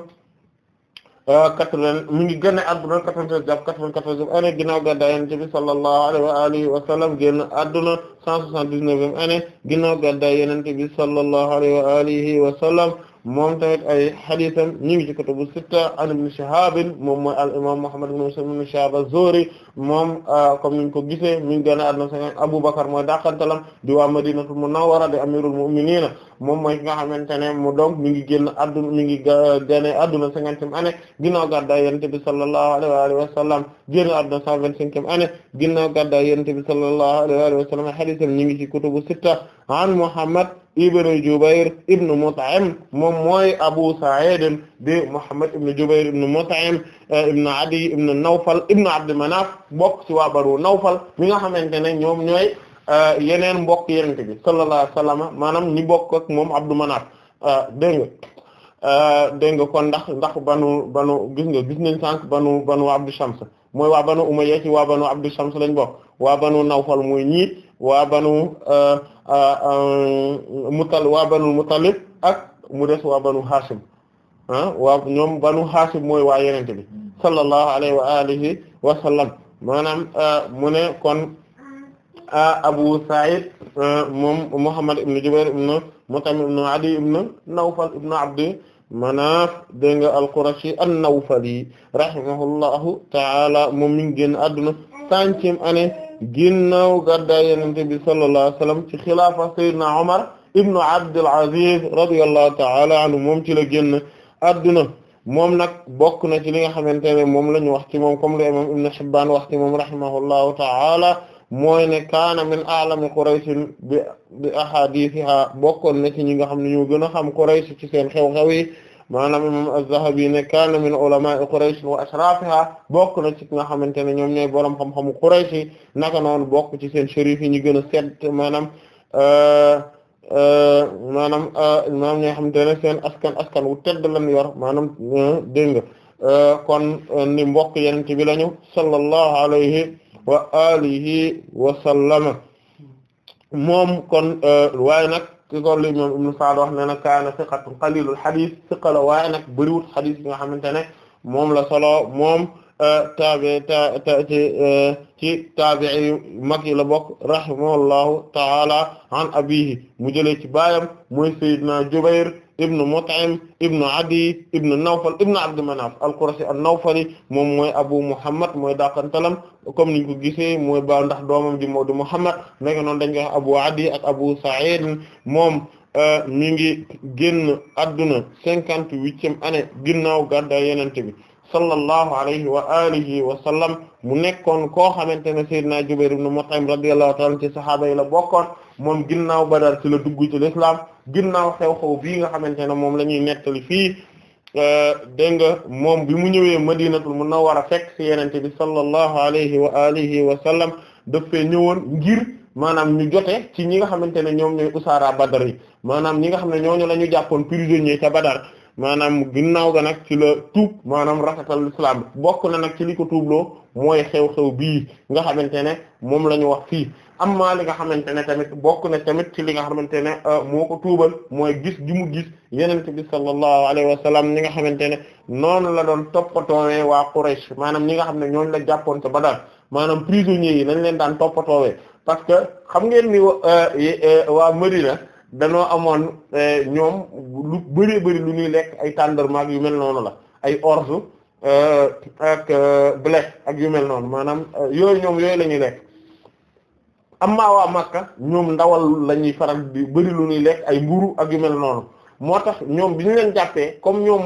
Speaker 2: 80 euh, mi ngi génn adduna 93 jàpp 94 année ginnaaw gàddaay Yonent bi sallallahu alayhi wa alihi wa sallam génn adduna 179 année ginnaaw gàddaay Yonent bi sallallahu alayhi wa alihi moom tamit ay xadiisam ñu ngi ci kutubu sitta an ibn Shihab moom mooy al imaam Muhammad ibn Muslim ibn Shihab moom ah, comme niñ ko gisee mi ngi gën a àdduna sax Abu Bakr mooy dàqantalam di waa Madinatul Munawwara di amirul mu'minin moom mooy ki nga xamante ne mu donc mi ngi génn àdduna mi ngi ah, génne àdduna cinquantième année ginnaaw gàddaay Yonent bi sallallahu alayhi wa sallam génn àdduna cent vingt-cinquième année ginnaaw gàddaay Yonent bi sallallahu alayhi wa sallam ay xadiisam ñu ngi ci kutubu sitta an Muhammad ibn Jubayr ibn Mut'im moom mooy Abu Sa'id bi Muhammad ibn Jubayr ibn Mut'im eh, ibn Adi ibn Nawfal ibn Abd Manaf bokk ci waa Banu Nawfal mi nga xamante ne ñoom ñooy eh, yeneen mbokk yenente bi sallallahu alayhi wasallam maanaam ñi bokk ak moom Abd Manaf eh, dégg nga dégg nga kon ndax ndax banu banu gis nga gis nañ sànq banu banu Abd Shams mooy wa banu Umayya ci waa banu Abd Shams lañ bokk waa banu Nawfal mooy ñi waa banu euh, euh, euh, mutal waa banu mutalib ak mu des waa banu hashim ah waa ñoom banu hashim mooy waa yenente bi sallallahu alayhi wa alihi wa maanaam mu ne kon abu sa'id moom muhammad ibn jubair ibn mutam ibn adi ibn nawfal ibn abdi Manaaf dégg nga al-Qurashi an-Nawfali rahimahullahu ta'ala moom mi ngi génn àdduna centième année ginnaaw gàddaay Yonent bi sallallahu ci xilaafa Seydina Omar ibnu Abdul Aziz radiyallahu ta'ala anhu moom ci la génn adduna moom nag bokk na ci li nga xamante ne moom la ñu wax ci moom comme la imam Ibn Hibban wax ci moom rahimahullahu ta'ala mooy ne kaana min a'lami Quraysh bi ahadithiha bokkoon na ci ñi nga xam ne ñoo gën a xam Quraysh ci seen xew-xew maanaam imam az-Zahabi ne kaana min ulama'i Quraysh wa ashrafiha bokk na ci nga xamante ne ñoom ñooy borom xam-xamu Quraysh naka noonu bokk ci seen shérif yi ñu gën a set maanaam euh, euh, maanaam euh, maanaam ñoo xamante ne seen askan askan wu tedd lañ yor maanaam dégg nga kon ni mbokk yenente bi lañu sallallahu alayhi wa alihi wa sallama moom kon waaye nag ki ko li ñoom Ibn Sa'd wax ne na kaana siqatun qalilul xadis siqa la waaye nag bëriwut xadis bi nga xamante ne moom la solo moom euh, tabi ci euh, taabii mag yi la bokk rahimahullahu taala an abihi mu jëlee ci baayam mooy Seydina Jubayr ibnu Mut'im ibnu Adi ibnu Nawfal ibnu Abd Manaf al-Qurashi an-Nawfali moom mooy Abu Muhammad mooy dàqantalam comme niñ ko gisee mooy ba ndax doomam ji moo di Muhammad naka noonu dañ koy wax Abu Adi ak Abu Sa'id moom euh, mi ngi génn adduna cinquante-huitième année ginnaaw gàddaay Yonent bi sallallahu alayhi wa alihi wa sallam mu nekkoon koo xamante ne Seydina Jubayr ibn Mut'im radiyallahu ta'ala ci sahaaba yi la bokkoon moom ginnaaw Badar ci la dugg ci l'islam ginnaaw xew-xew bii nga xamante ne moom la ñuy nettali fii euh, dégg nga moom bi mu ñëwee Madinatul a fekk ci yenente bi sallallahu alayhi wa alihi wa sallam daf fee ñëwoon ngir maanaam ñu jote ci ñi nga xamante ne ñoom ñooy usaara Badar yi maanaam ñi nga xam ne ñooñu la ñu jàppoon prisonnier ca Badar maanaam ginnaaw ga nag ci la tuub maanaam rafetal islam bokk na nag ci li ko tuubloo mooy xew-xew bii nga xamante ne moom la ñu wax fii amma li nga xamante ne tamit bokk na tamit ci li nga xamante ne euh, moo ko tuubal mooy gis gi mu gis yenente bi sallallahu alayhi wa sallam ñi nga xamante ne noonu la doon toppatoowee waa Quraysh maanaam ñi nga xam ne ñooñu la jàppoon te ba daal maanaam prisonniers yi lañ leen daan toppatoowee parce que xam ngeen ni euh, euh, waa Medina danoo amoon eh, ñoom lu bëree bëri lu ñuy lekk ay tàndarmaak yu mel noonu la ay orge eh, ak eh, blé ak yu mel noonu maanaam yooyu ñoom yooyu la ñuy am amma waa Makka ñoom ndawal lañuy ñuy faral di bëri lu ñuy lekk ay mburu ak yumel noonu moo tax ñoom bi ñu leen jàppee comme ñoom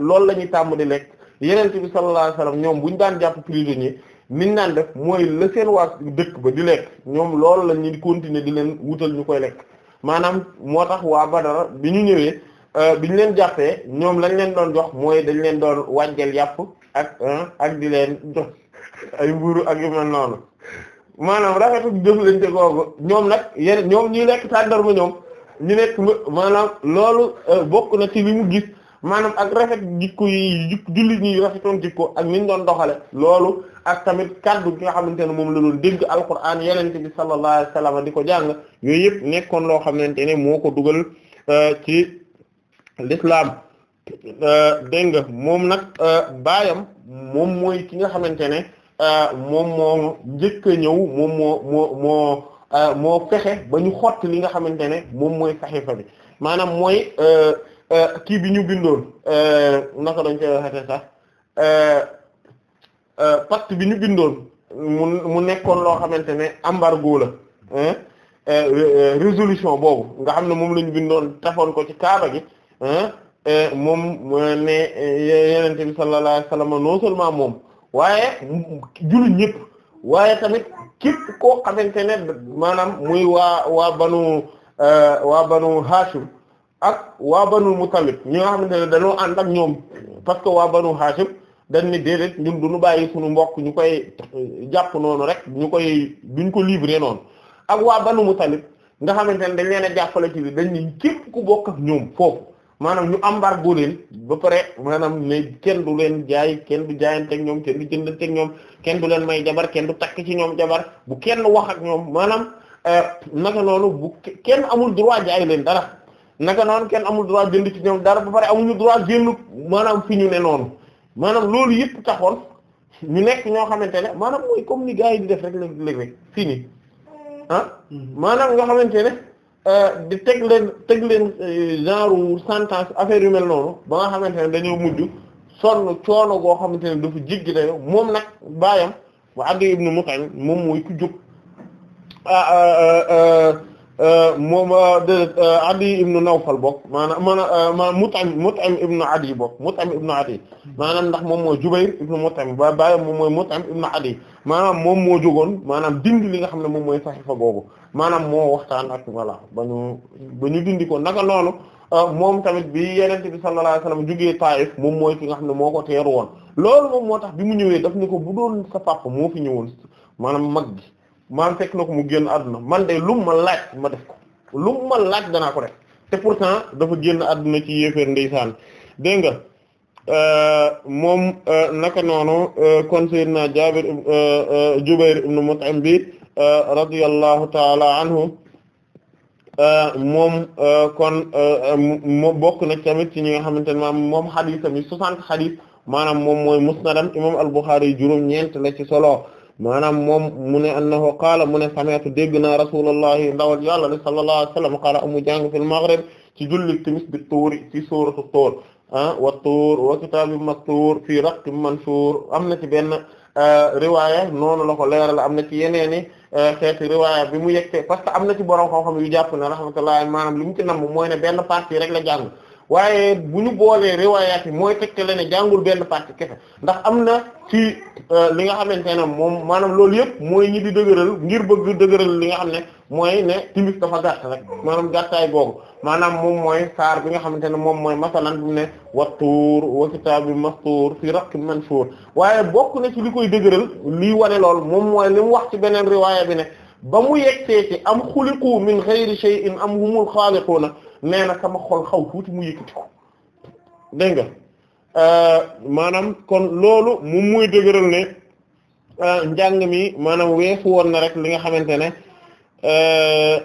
Speaker 2: loolu la ñuy tàmm di lekk yenente bi sallallahu alayhi wasallam ñoom bu ñu daan jàpp prisonnier niñ naan def mooy la seen waa dëkk ba di lekk ñoom loolu la ñuy continuer di leen wutal ñu koy lekk maanaam moo tax waa Badar bi ñu ñëwee euh, bi ñu leen jàppee ñoom lañ leen doon jox mooy dañu leen doon wàññeel yàpp ak ak di leen jox ay mburu ak yu noonu maanaam rafetu jëflante googu ñoom nag yeneen ñoom ñuy lekk tàndarma ñoom ñu nekk maanaam loolu euh, bokk na ci li mu gis maanaam ak rafet jikko yi jullit ñi rafetoon jikko ak niñ doon doxale loolu ak tamit kaddu gi nga xamante ne moom la doon dégg alquran yenente bi sallallahu alayhi wasallam di ko jàng yooyu yëpp nekkoon loo xamante ne moo ko dugal euh, ci l'islam euh, dégg moom nag euh, baayam moom mooy ki nga xamante ne moom moo njëkk ñëw moom moo moo moo moo ba ñu xotti li nga xamante ne moom mooy saxiifa maanaam mooy kii bi ñu bindoon naka dañ koy waxee sax Euh, pacte bi nu bindoon mu mu nekkoon loo xamante ne embargo la euh, euh, résolution boobu nga xam ne moom la bindoon tefoon ko ci kaaba gi moom ne yenente moom waaye jullit ñëpp waaye tamit képp koo xamante ne maanaam muy waa waa banu waa banu Hashim ak waa banu Muttalib ñi nga xamante ne dañoo ànd ak ñoom parce que waa banu Hashim dañ ni déedéet ñun du ñu bàyyi suñu mbokk ñu koy euh, jàpp noonu rek ñu koy duñ ko livrer noonu ak waa Banu Mutalib nga xamante ne dañ leen a jàppale ci dañ ni ku bokk ak ñoom maanaam ñu embargo leen ba pare maanaam ne kenn du leen jaay kenn du jaayanteeg ñoom kenn du jëndanteeg ñoom kenn du leen may jabar kenn du takk ci ñoom jabar bu kenn wax ak ñoom maanaam euh, naka noonu bu kenn amul droit jaay leen dara naka noonu kenn amul droit jënd ci ñoom dara ba pare amuñu droit génn maanaam fi ñu ne noonu. maanaam loolu yëpp taxoon ñu nekk ñoo xamante ne maanaam mooy comme ni gars yi di def rek léeg-léeg rek fii nii ah maanaam nga xamante ne euh, di teg leen teg leen euh, genre sentence affaire yu mel noonu ba nga xamante ne dañoo mujj sonn coono goo xamante ne dafa jiggi dayo moom na baayam bu Adiy ibn Mut'im moom mooy ku jóg ah, ah, ah, Euh, moom euh, euh, Adi ibnu Nawfal bokk maanaam maanaam Mut'im Mut'im ibnu Adi bokk Mut'im ibnu Adi maanaam ndax moom moo Jubayr ibnu Mut'im ba bàyyi moom mooy Mut'im ibnu Adi maanaam moom moo jugoon maanaam dindi li nga xam ne moom mooy saxiifa googu maanaam moo waxtaan ak voilà ba ñu ba ñu dindi ko naka noonu moom tamit bi Yonent bi sallallahu alayhi wasallam jógee Taayif moom mooy ki nga xam ne moo ko teeru woon loolu moom moo tax bi mu ñëwee daf ne ko bu doon sa papa moo fi ñëwoon maanaam mag gi maam fekk na ko mu génn àdduna man de lu ma laaj ma def ko lu laaj danaa ko def te pourtant dafa génn àdduna ci yéeféer ndeysaan dégg nga euh, moom euh, naka noonu euh, kon sayyidina Jaabir Jubayr ibn Mut'im bi radiyallahu taala anhu moom kon moom bokk na tamit ci ñi nga xamante ne maam moom xadiis tamit soixante xadiis maanaam moom mooy musnadam imam al-Bukhari juróom ñeent la ci solo maanaam moom mu ne annahu qaala mu ne sami'tu dégg naa rasulullahi ndawal yàlla li sallallahu alayhi wasallam qaala amu jàng fil maghrib ci julli timis bi tuuri ci suuratu tuur ah wa tuur wa kitaabin mastur fii raqim mansur am na ci benn ah, riwaaya noonu la ko leeral am na ci yeneeni ah, xeeti riwaaya bi mu yegte parce que am na ci borom xam-xam yu jàpp ne rahmatullahi maanaam li mu ci namm mooy ne benn partie rek la jàng waaye bu ñu boolee riwaayaat yi mooy tegtale ne jàngul benn partie kese ndax am na ci euh, li nga xamante ne moom maanaam loolu yëpp mooy ñii di dëgëral ngir bëgg dëgëral li nga xam ne mooy ne timis dafa gàtt rek maanaam gàttaay boobu maanaam moom mooy saar bi nga xamante ne moom mooy masalan bi ne wattuur wa kitaabi mastuur fi raqim manshuur waaye bokk na ci li koy dëgëral lii wane lool moom mooy li mu wax ci beneen riwaaya bi ne ba mu yegsee ci am xuliqu min ghayri shay'in am humul xaaliquuna nee na sama xol xaw tuuti mu yëkkati ko dégg nga euh, maanaam kon loolu moom muy dëgëral ne euh, njàng mi maanaam weesu woon na rek li nga xamante ne euh,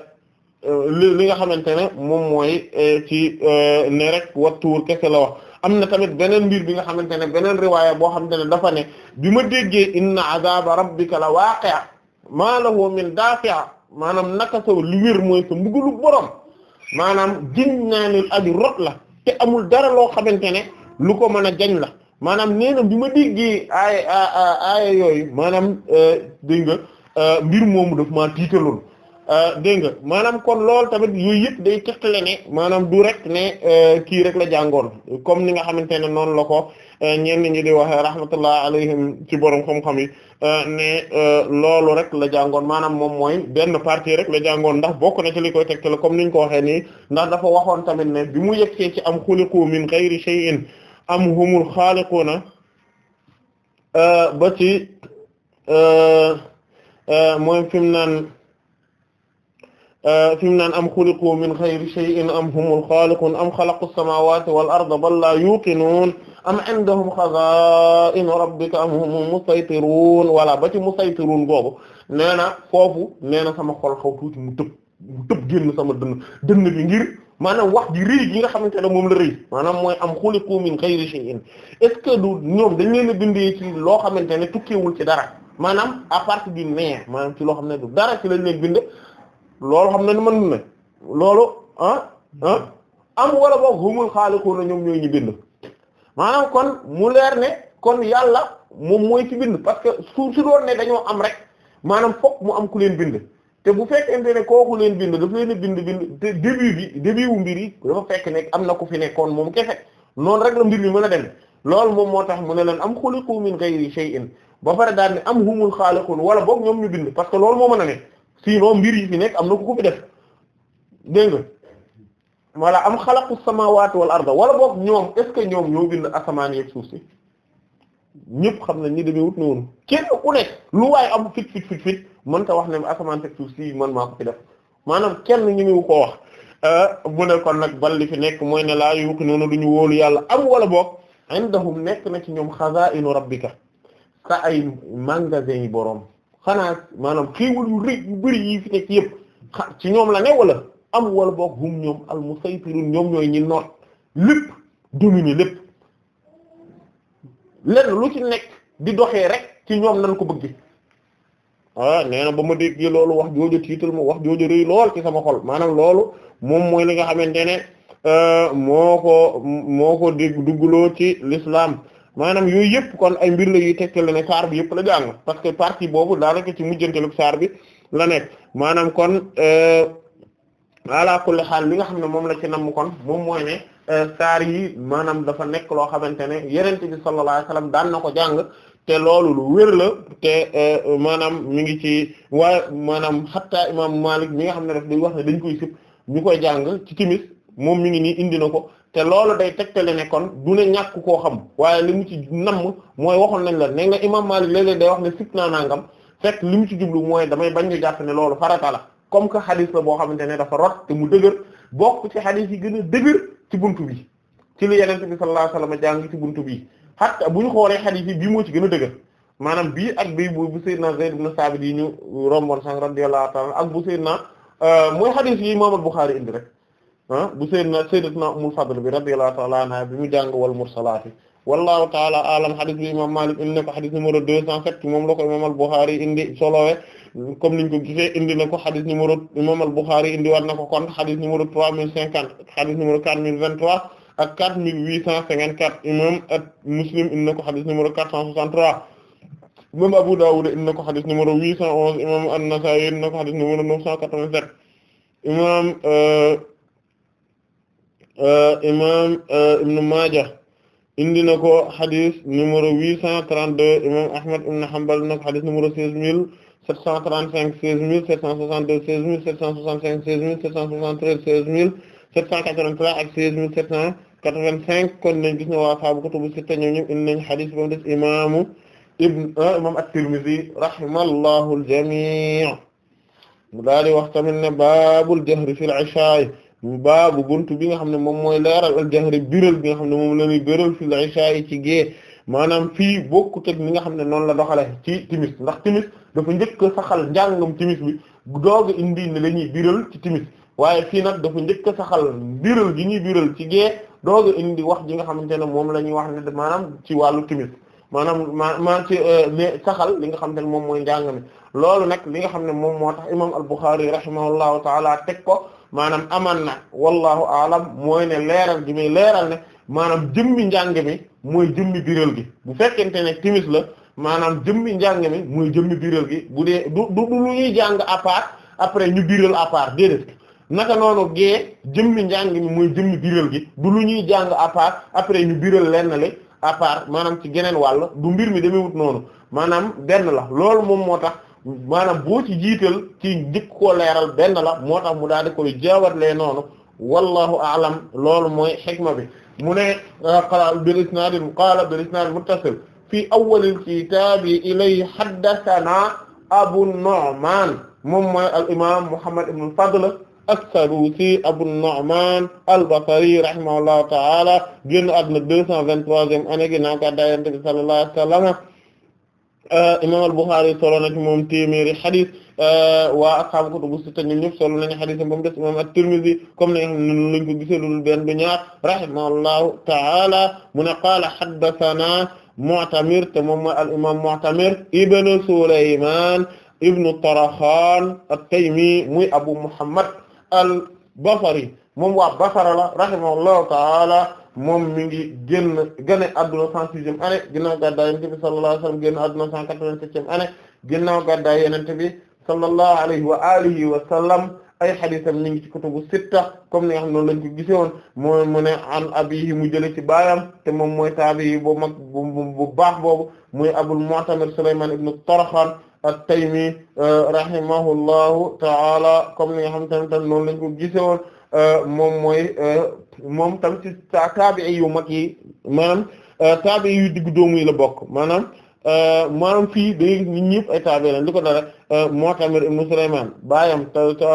Speaker 2: li li nga xamante ne moom mooy ci ne rek wattuur kese la wax am na tamit beneen mbir bi nga xamante ne beneen riwaaya boo xamante ne dafa ne bi ma déggee inna azaba rabbika la waaqi' ma lahu min daafi' maanaam naka sa lu wér mooy sa borom maanaam gin naa ne aju rot la te amul dara loo xamante ne lu ko mën a jañ la maanaam nee na bi ma déggee aaya aaya yooyu maanaam euh, dégg nga euh, mbir moomu daf ma tiitaloon Euh, dégg nga maanaam kon loolu tamit yooyu yëpp day tegtale ne maanaam du rek ne euh, kii rek la jàngoon comme ni nga xamante ne noonu la ko euh, ñenn ñi di wax rahmatullah alayhim ci borom xam-xam yi ne loolu rek la jàngoon maanaam moom mooy benn partie rek la jàngoon ndax bokk na ci li koy tegtale comme ni ñu ko waxee nii ndax dafa waxoon tamit ne bi mu yegsee ci am xuliqu min ghayri shay'in am humul xaaliquuna ba ci mooy fi mu naan. fi mu naan am xuliqu min xayri shay'in am humul xaaliqun am xalaqu samaawaati wal arda bal laa yuqinuun am indahum xazaa'inu rabbika am humul musaytiruun wala ba ci musaytiruun googu nee na foofu nee na sama xol xaw tuuti mu tëb mu tëb génn sama dënn dënn bi ngir maanaam wax ji rëy gi nga xamante ne moom la rëy maanaam mooy am xuliqu min xayri shay'in est-ce que du ñoom dañ leen a bindee ci loo xamante ne tukkeewul ci dara maanaam à partir du néant maanaam ci loo xam ne du dara ci lañ leen bind loolu xam na ni mën na loolu ah ah hmm. am wala boog humul xaalixuuna ñoom ñooy ñi bind maanaam kon mu leer ne kon yàlla moom mooy ci bind parce que su su doon ne dañoo am rek maanaam fokk mu am ku leen bind te bu fekkente ne kooku leen bind daf leen bind bind te début bi début wu mbir yi dafa fekk ne am na ku fi nekkoon moom kese noonu rek la mbir mi mën a dem loolu moom moo tax mu ne leen am xuliqu min ghayri shay'in ba pare daal ne am humul xaalixuun wala boog ñoom ñu bind parce que loolu moo mën a sinon mbir yi fi nekk am na ku ko fi def dégg nga am xalaqu samawati wal arda wala boog ñoom est que ñoom ñoo bind asamaan yeeg suuf si ñëpp xam nañ ni demee wut noonu kenn ku nekk lu waaye am fit fit fit fit wax ne asamaan teg suuf si man maa fi def maanaam kenn ñu ngi ko wax euh, mu kon nag bal li fi nekk mooy ne laa yuuqi noonu du ñu wóolu yàlla am wala boog indahum nekk na ci ñoom xazaa'inu rabbika sa ay magasin yi boroom xanaa maanaam xéewal wu rëy yu bëri yi fi nekk yëpp ci ñoom la ne wala am wala boog hum ñoom al musaytirun ñoom ñooy ñi noot lépp dominer lépp lu ci nekk di doxee rek ci ñoom nan ko bëgg ah nee ba ma déggee loolu wax jooju tiital ma wax jooju rëy lool ci sama xol maanaam loolu moom mooy li nga xamante ne euh, moo ko moo ko dugguloo ci lislaam maanaam yooyu yëpp kon ay mbir la yuy tegtale ne saar bi yëpp la jàng parce que partie boobu daanaka ci mujjanteelu saar bi la nekk maanaam kon euh, ala kulli xaal li nga xam ne moom la ci namm kon moom mooy ne euh, saar yi maanaam dafa nekk loo xamante ne yonent bi sallallahu alayhi wasallam daan na ko jàng te loolu lu wér la te euh, maanaam mi ngi ci waaye maanaam xatta imam Malik mi nga xam ne daf day wax ne di koy sib ñu koy jàng ci timis moom mi ngi nii indi na ko te loolu day tegtale ne kon du ne ñàkk koo xam waaye li mu ci namm mooy waxoon nañ la ne nga imam Malik léeg-léeg day wax ne sip naa nangam fekk li mu ci jublu mooy damay bañ ñu jàpp ne loolu farata la comme que xadis la boo xamante ne dafa rot te mu dëgër bokk ci xadis yi gën a dëgër ci bunt bi ci li yeneen bi sallallahu alayhi wasallam jàng ci buntu bi hatta bu ñu xoolee xadis yi bii moo ci gën a dëgër maanaam bii ak bii bu bu Seydina Zayd ibn Sabit yi ñu romboon sang radiyallahu ta'ala ak bu Seydina euh, mooy xadis yi Imam Bukhari indi rek Ah, bu sayyidina sayyidatuna Ummul Fadl bi radiyallahu ta'ala anha bi mu jàng wal mursalaati wallahu ta'ala alam xadis bi imam Malik indi na ko xadis numéro deux cent sept moom la imam al-Bukhari indi ko gisee indi na ko xadis numéro imam al-Bukhari indi war na ko kon xadis numéro trois mille cinquante xadis numéro quatre mille vingt-trois Muslim indi ko xadis numéro quatre cent soixante-trois imam Abu ko xadis numéro huit cent onze imam an-Nasa'i ko xadis numéro neuf cent quatre vingt imam euh, Euh, imam euh, Ibn Maaja indi na ko xadis numéro 832 imam Ahmad ibn Hanbal na ko xadis numéro 16735 16762 16765 16773 16783 ak 16785 kon nañ gis ne waa saabu kutubu sitta ñoom ñëpp indi nañ xadis ba mu des imaamu ibn euh, imam at-Tirmidhi rahimallahu al-jami' mu daal di wax tamit ne baabul jahri fil ishaa'i baabu buntu bi nga xam ne moom mooy leeral al jahri bi nga xam ne moom la ñuy fi fil isha yi ci gée maanaam fii bokkut ak ni nga xam ne noonu la doxale ci timis ndax timis dafa njëkk a saxal njàngam timis bi doog indi ne la ñuy biral ci timis waaye fii nag dafa njëkk a saxal biral gi ñuy biral ci gée doog indi wax ji nga xamante ne moom la ñuy wax ne maanaam ci wàllu timis maanaam ma ma ci euh, saxal li nga xam ne moom mooy njàngami loolu nag li nga xam ne moom moo tax imam al-Bukhari rahimahullahu taala teg ko maanaam aman na wallahu alam mooy ne leeral gi muy leeral ne maanaam jëmmi njàng mi mooy jëmmi biral gi bu fekkente ne timis la maanaam jëmmi njàng mi mooy jëmmi biral gi bu dee du du lu ñuy jàng à part après ñu biral à part déedéet naka noonu gee jëmmi njàng mi mooy jëmmi biral gi du lu ñuy jàng à après ñu biral lenn li à part maanaam ci geneen wàll du mbir mi demewut noonu maanaam benn la loolu moom moo tax maanaam boo ci jiital ci njëkk koo leeral benn la moo tax mu daal di koy jaawatle noonu wallahu a'lam loolu mooy xikma bi mu ne qaala bil isnaadil qaala bil isnaadil muttasil fii awwalil kitaabi ilay haddasanaa abu nu'maan moom mooy al imaam muhammad ibn fadl as-saduusi abu nu'maan al-basri rahimahullahu ta'ala génn àdduna 223e année ginnaaw gàddaay Yonent bi sallallahu alayhi wa sallam Euh, imam al-Bukhari solo na ci moom téeméeri xadis euh, waa ashaabu kutubu sitta ñun ñëpp solo nañu xadis moom des imam at-Tirmidhi comme ni nga xam ne noonu lañ ko gisee lu benn du ñaar rahimahullahu ta'ala mu ne qaala haddathana Mu'tamir te moom mooy al-imam Mu'tamir ibn Sulayman ibn Taraxaan at-Taymi muy Abu Muhammad al-Basri moom waa Basra la rahimahullahu ta'ala moom mi ngi génn gane adduna cent sixième année ginnaaw gàddaay yenente bi sallallahu alayhi wa sallam génn adduna cent quatre-vingt-septième année ginnaaw gàddaay yenente bi sallallahu alayhi wa alihi wa sallam ay xadisam ni ngi ci kutubu sitta comme ni nga xam noonu lañ ko gisee woon moo mu an abihi mu jële ci baayam te moom mooy taabiyi bu mag bu baax boobu muy abul mu'tamir sulayman ibnu tarxan at-taymi rahimahullahu ta'ala comme ni nga xam tamit noonu lañ ko gisee woon Euh, moom mooy euh, moom tamit ci yu mag yi maanaam euh, taabi'i yu diggu doomu yi la bokk maanaam maanaam fii day nit ñëpp ay taabi'i lañ li ko dara Mu'tamir ibn Sulaymaan baayam ta ta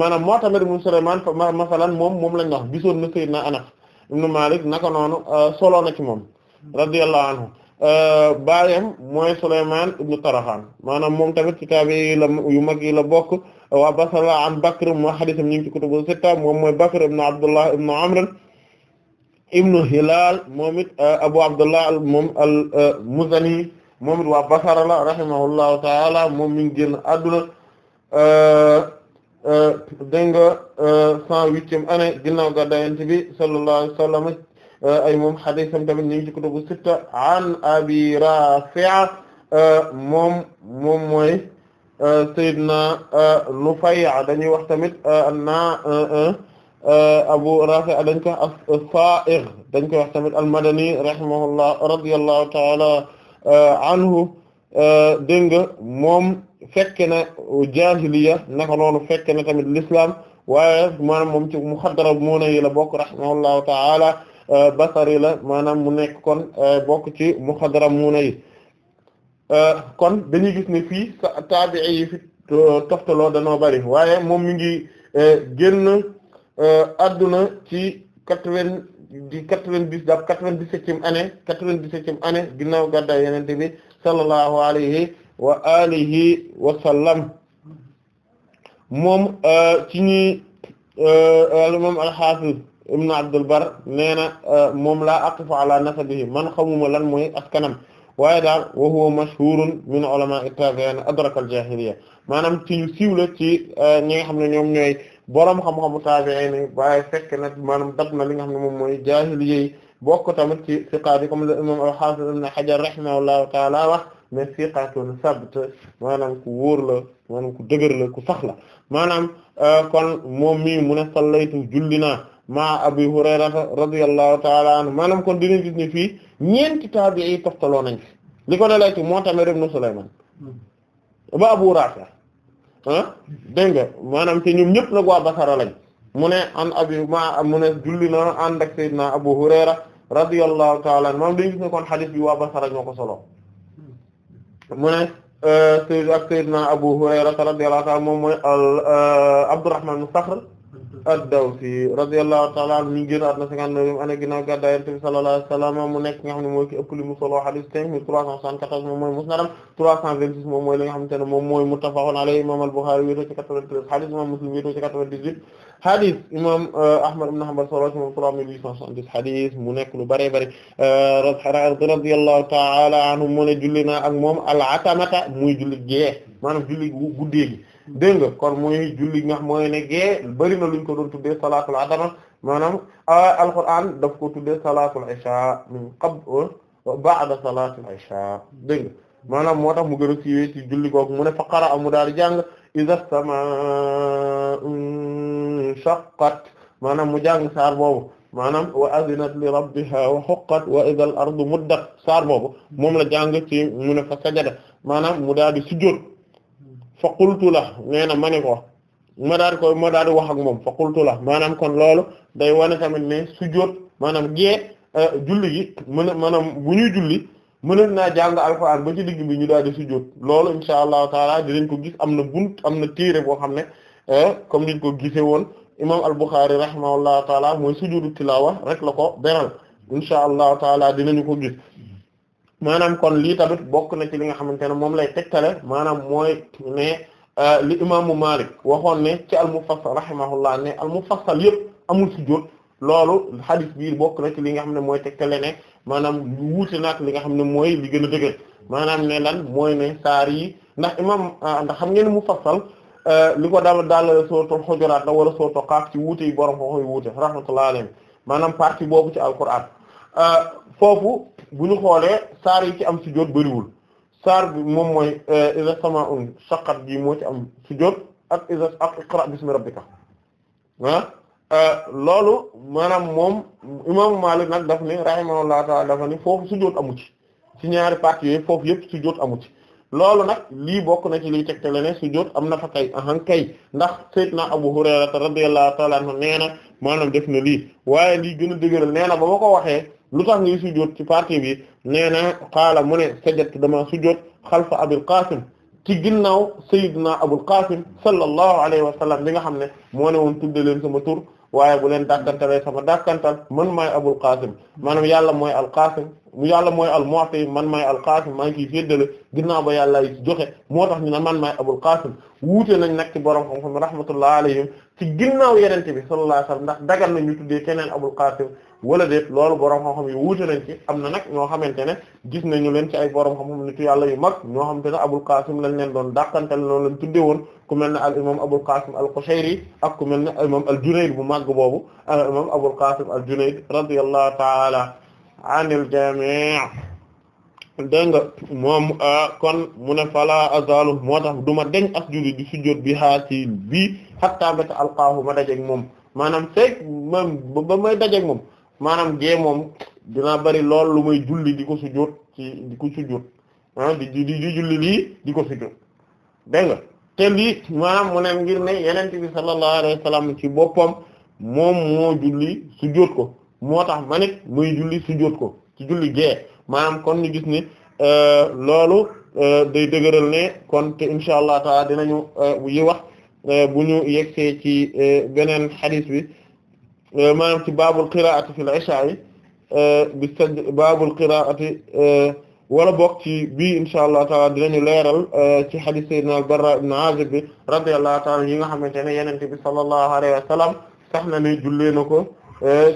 Speaker 2: maanaam Mu'tamir ibn Sulaymaan masalan moom moom lañ wax bisoon na Sayyidina Anas ibn Maalik naka noonu solo na ci moom radiyallahu anhu Euh, baayam mooy Sulaymaan ibnu Taraxaan maanaam moom tamit ci taabi yu mag yi bokk wa Basra an Bakr moo xadisam ñu ngi kutubu sitta moom mooy Bakr ibnu Abdullah ibnu Amr ibnu Hilaal moom euh, Abu Abdullah al-Muzani euh, moom it waa Basra taala moom mi ngi génn àdduna dégg nga cent huitième année ginnaaw gàddaay Euh, ay moom xadisam tamit ñu ngi ci kutubu sitta an abi rafi' euh, moom moom mooy euh, sayyidna Nufay' dañuy wax tamit na abu rafi' dañ koy wax as-Sa'igh dañ koy wax tamit al-Madani rahimahullah radiyallahu ta'ala anhu dégg nga moom fekke na jaahiliya naka noonu fekke na tamit l'islam waaye maanaam moom ci muxadara mu ne la bokk rahimahullahu ta'ala Euh, basari la maanaam mu nekk kon euh, bokk ci mu yi euh, kon dañuy gis ne fii taabi'i yi fi toftaloo danoo bari waaye moom mu ngi génn adduna ci quatre-vingt di quatre-vingt-dix jàpp quatre année quatre-vingt-dix-septième année ginnaaw gàddaay yenente bi sallallahu alayhi wa alihi wa sallam moom ci ñi al imam ibnu Abdul Bar nee na euh, moom laa aqifu ala nasabihi man xamuma lan mooy askanam waaye daal wa huwa mashhurun min ulama at-tabi'in adraka al-jahiliya maanaam ci ñu siiw la ci euh, ñi nga xam ne ñoom ñooy boroom xam-xamu tabi'in yi waaye fekk na maanaam dab na li nga xam ne moom mooy jahiliya yi bokk tamit ci siqaat yi comme le imam al-hafiz ibn Hajar rahimahullahu ta'ala wax mais siqatun sabt maanaam ku wóor la maanaam ku dëgër la ku sax la maanaam euh, kon moom mii mu ne sallaytu julli naa ma Abi Hurayrata radiyallahu ta'ala anhu maanaam kon dinañ gis ni fii ñeenti taabi'i yi toftaloo li ko dalee ci Mu'tamir ibn Sulaymaan ba Abu Rafi' ah dégg nga maanaam te ñu ñëpp nag waa Basra lañ mu ne an mu ne julli na ànd ak Seydina Abu Hurayra radiyallahu ta'ala anhu maanaam dañu gis ne kon xadis bi waa Basra ñoo ko mu ne euh, Seydina ak Seydina Abu Hurayra radiyallahu ta'ala moom mooy euh, Abdurrahman ibn Sakhr ad-Dawsi radiyallahu ta'ala anhu ñu génn àdduna cinquante-neuvième année ginnaaw gàddaay mu nekk nga xam ne mooy ki ëpp li mu solo hadith cinq mille trois cent soixante-quatorze moom mooy musnadam trois cent vingt-six moom mooy li nga xamante ne moom imam al-Bukhari wéetoo ci quatre-vingt-treize hadith imam Muslim wéetoo ci quatre-vingt-dix-huit hadith imam euh, Ahmad ibn solo ci moom trois mille huit cent soixante hadith mu nekk lu bari bari euh, radiyallahu ta'ala anhu mu ne julli naa al-atamata muy julli gee dégg nga kon muy julli nga mooy ne gee bëri na luñ ko doon tuddee salaatul adama maanaam alquran daf ko tuddee salaatul isha min qabl ba'da salaatul isha maanaam moo mu gën a siiwee ci julli googu mu ne fa qara'a mu daal di jàng iza samaa'u shaqqat maanaam mu jàng saar boobu maanaam wa azinat li rabbiha wa huqqat wa idha muddat saar boobu moom la jàng ci mu ne fa sajada maanaam mu daal di fa qultu la nee na ma ne ko ma daal di koy ma daal di wax ak moom fa qultu la maanaam kon loolu day wane tamit ne sujjóot maanaam gee euh, julli gi mën a maanaam bu ñuy julli mënat naa jàng alxuraan ba ci digg bi ñu daal di sujjóot loolu insha allahu taala dinañ ko gis am na bunt am na téere boo xam ne euh, comme niñ ko gisee woon imam al-Bukhari rahimahullahu taala mooy sujudu tilawa rek la ko beral insha allahu taala dinañu ko gis maanaam kon lii tamit bokk na ci li nga xamante ne moom lay tegtale maanaam mooy ne euh, li imaamu Malik waxoon ne ci al-Mufassal rahimahullah ne al-Mufassal yëpp amul sujjóot loolu hadith bii bokk na ci li nga xam ne mooy tegtale ne maanaam wuute naak li nga xam ne mooy li gën a dëgër maanaam ne lan mooy ne saar yi ndax imaam euh, ndax xam ngeen Mufassal euh, li ko daal daal sooto Hujurat la wala sooto Qaaf ci wuute yi borom ko koy wuute rahmatullahi alayhi maanaam parti boobu ci al-Qur'an foofu. bu ñu xoolee saar yi ci am sujjóot bariwul saar bi moom mooy euh, iza samaa'un shaqqat gi moo ci am sujjóot ak iza ak iqra bismi rabbika ah euh, loolu maanaam moom imaamu Maalik nag daf ne rahimahullahu ta'ala dafa ni foofu sujjóot amu ci ci ñaari parties yooyu foofu yëpp sujjóot amu ci loolu nag lii bokk na ci liy tegtale ne sujjóot am na fa a ahan kay ndax sayyidna Abu Hurayra radiyallahu ta'ala anhu nee na maanaam def na lii waaye lii gën a dëgëral nee na ba ma ko waxee lu tax ñuy sujjóot ci partie bi nee na qaala mu ne sajadtu dama sujjóot xalfa abul qasim ci ginnaaw sayyidina abul qasim sallallahu alayhi wa sallam li nga xam ne moo ne woon tudde leen sama waaye bu leen dàkkantalee sama dàkkantal man maay abul qasim maanaam yàlla mooy al qasim yàlla mooy al mu'ti man maay al qasim maa ngi ciy féddale ba yàlla yi joxe moo tax ñu ne man maay abu qasim wuute nañ nag ci borom xam-xam rahmatullah alayhim ci ginnaaw yenente bi sallallahu alayhi wa sallam ndax dagal na ñu tuddee keneen abul qasim wala de loolu borom xam-xam yi wuute nañ ci am na nag ñoo xamante ne gis ñu leen ci ay borom xam-xam nitu yàlla yu mag ñoo xamante ne Abul Qasim lañ leen doon dàqantal noonu lañ tuddee woon ku mel ne al imam Abul Qasim al Qushayri ak ku mel ne al imam al Junayd bu màgg boobu al imam Abul Qasim al Junayd radiyallahu ta'ala anil jami' dégg nga moom ah, kon mu ne fala azalu moo tax du ma deñ asjudu di sujjóot bi xaar ci bii hatta bata alqaahu ma dajeeg moom maanaam feeg ma ba may dajeeg maanaam gee moom dinaa bari lool lu may julli di ko sujjóot ci di ko sujjóot maanaam ah, di julli lii di ko sujjóot dégg nga te lii maanaam mu ne ngir ne yenent bi sallallahu alayhi wa ci boppam moom moo julli sujjóot ko moo tax man it muy julli sujjóot ko ci julli gee maanaam kon ñu gis ni euh, loolu euh, day dëgëral ne kon te insha allah taala dinañu euh, yi wax bu ñu yegsee ci beneen xadis bi Eh, maanaam ci baabul qiraati fil isha yi eh, bi sajd baabul qiraati eh, wala bokk ci bii insha allah taala dinañu leeral ci hadith sayyidina al-Barra ibn Azib bi radiyallahu taala yi nga xamante ne yenente bi sallallahu alayhi wa sallam sax na ne jullee na ko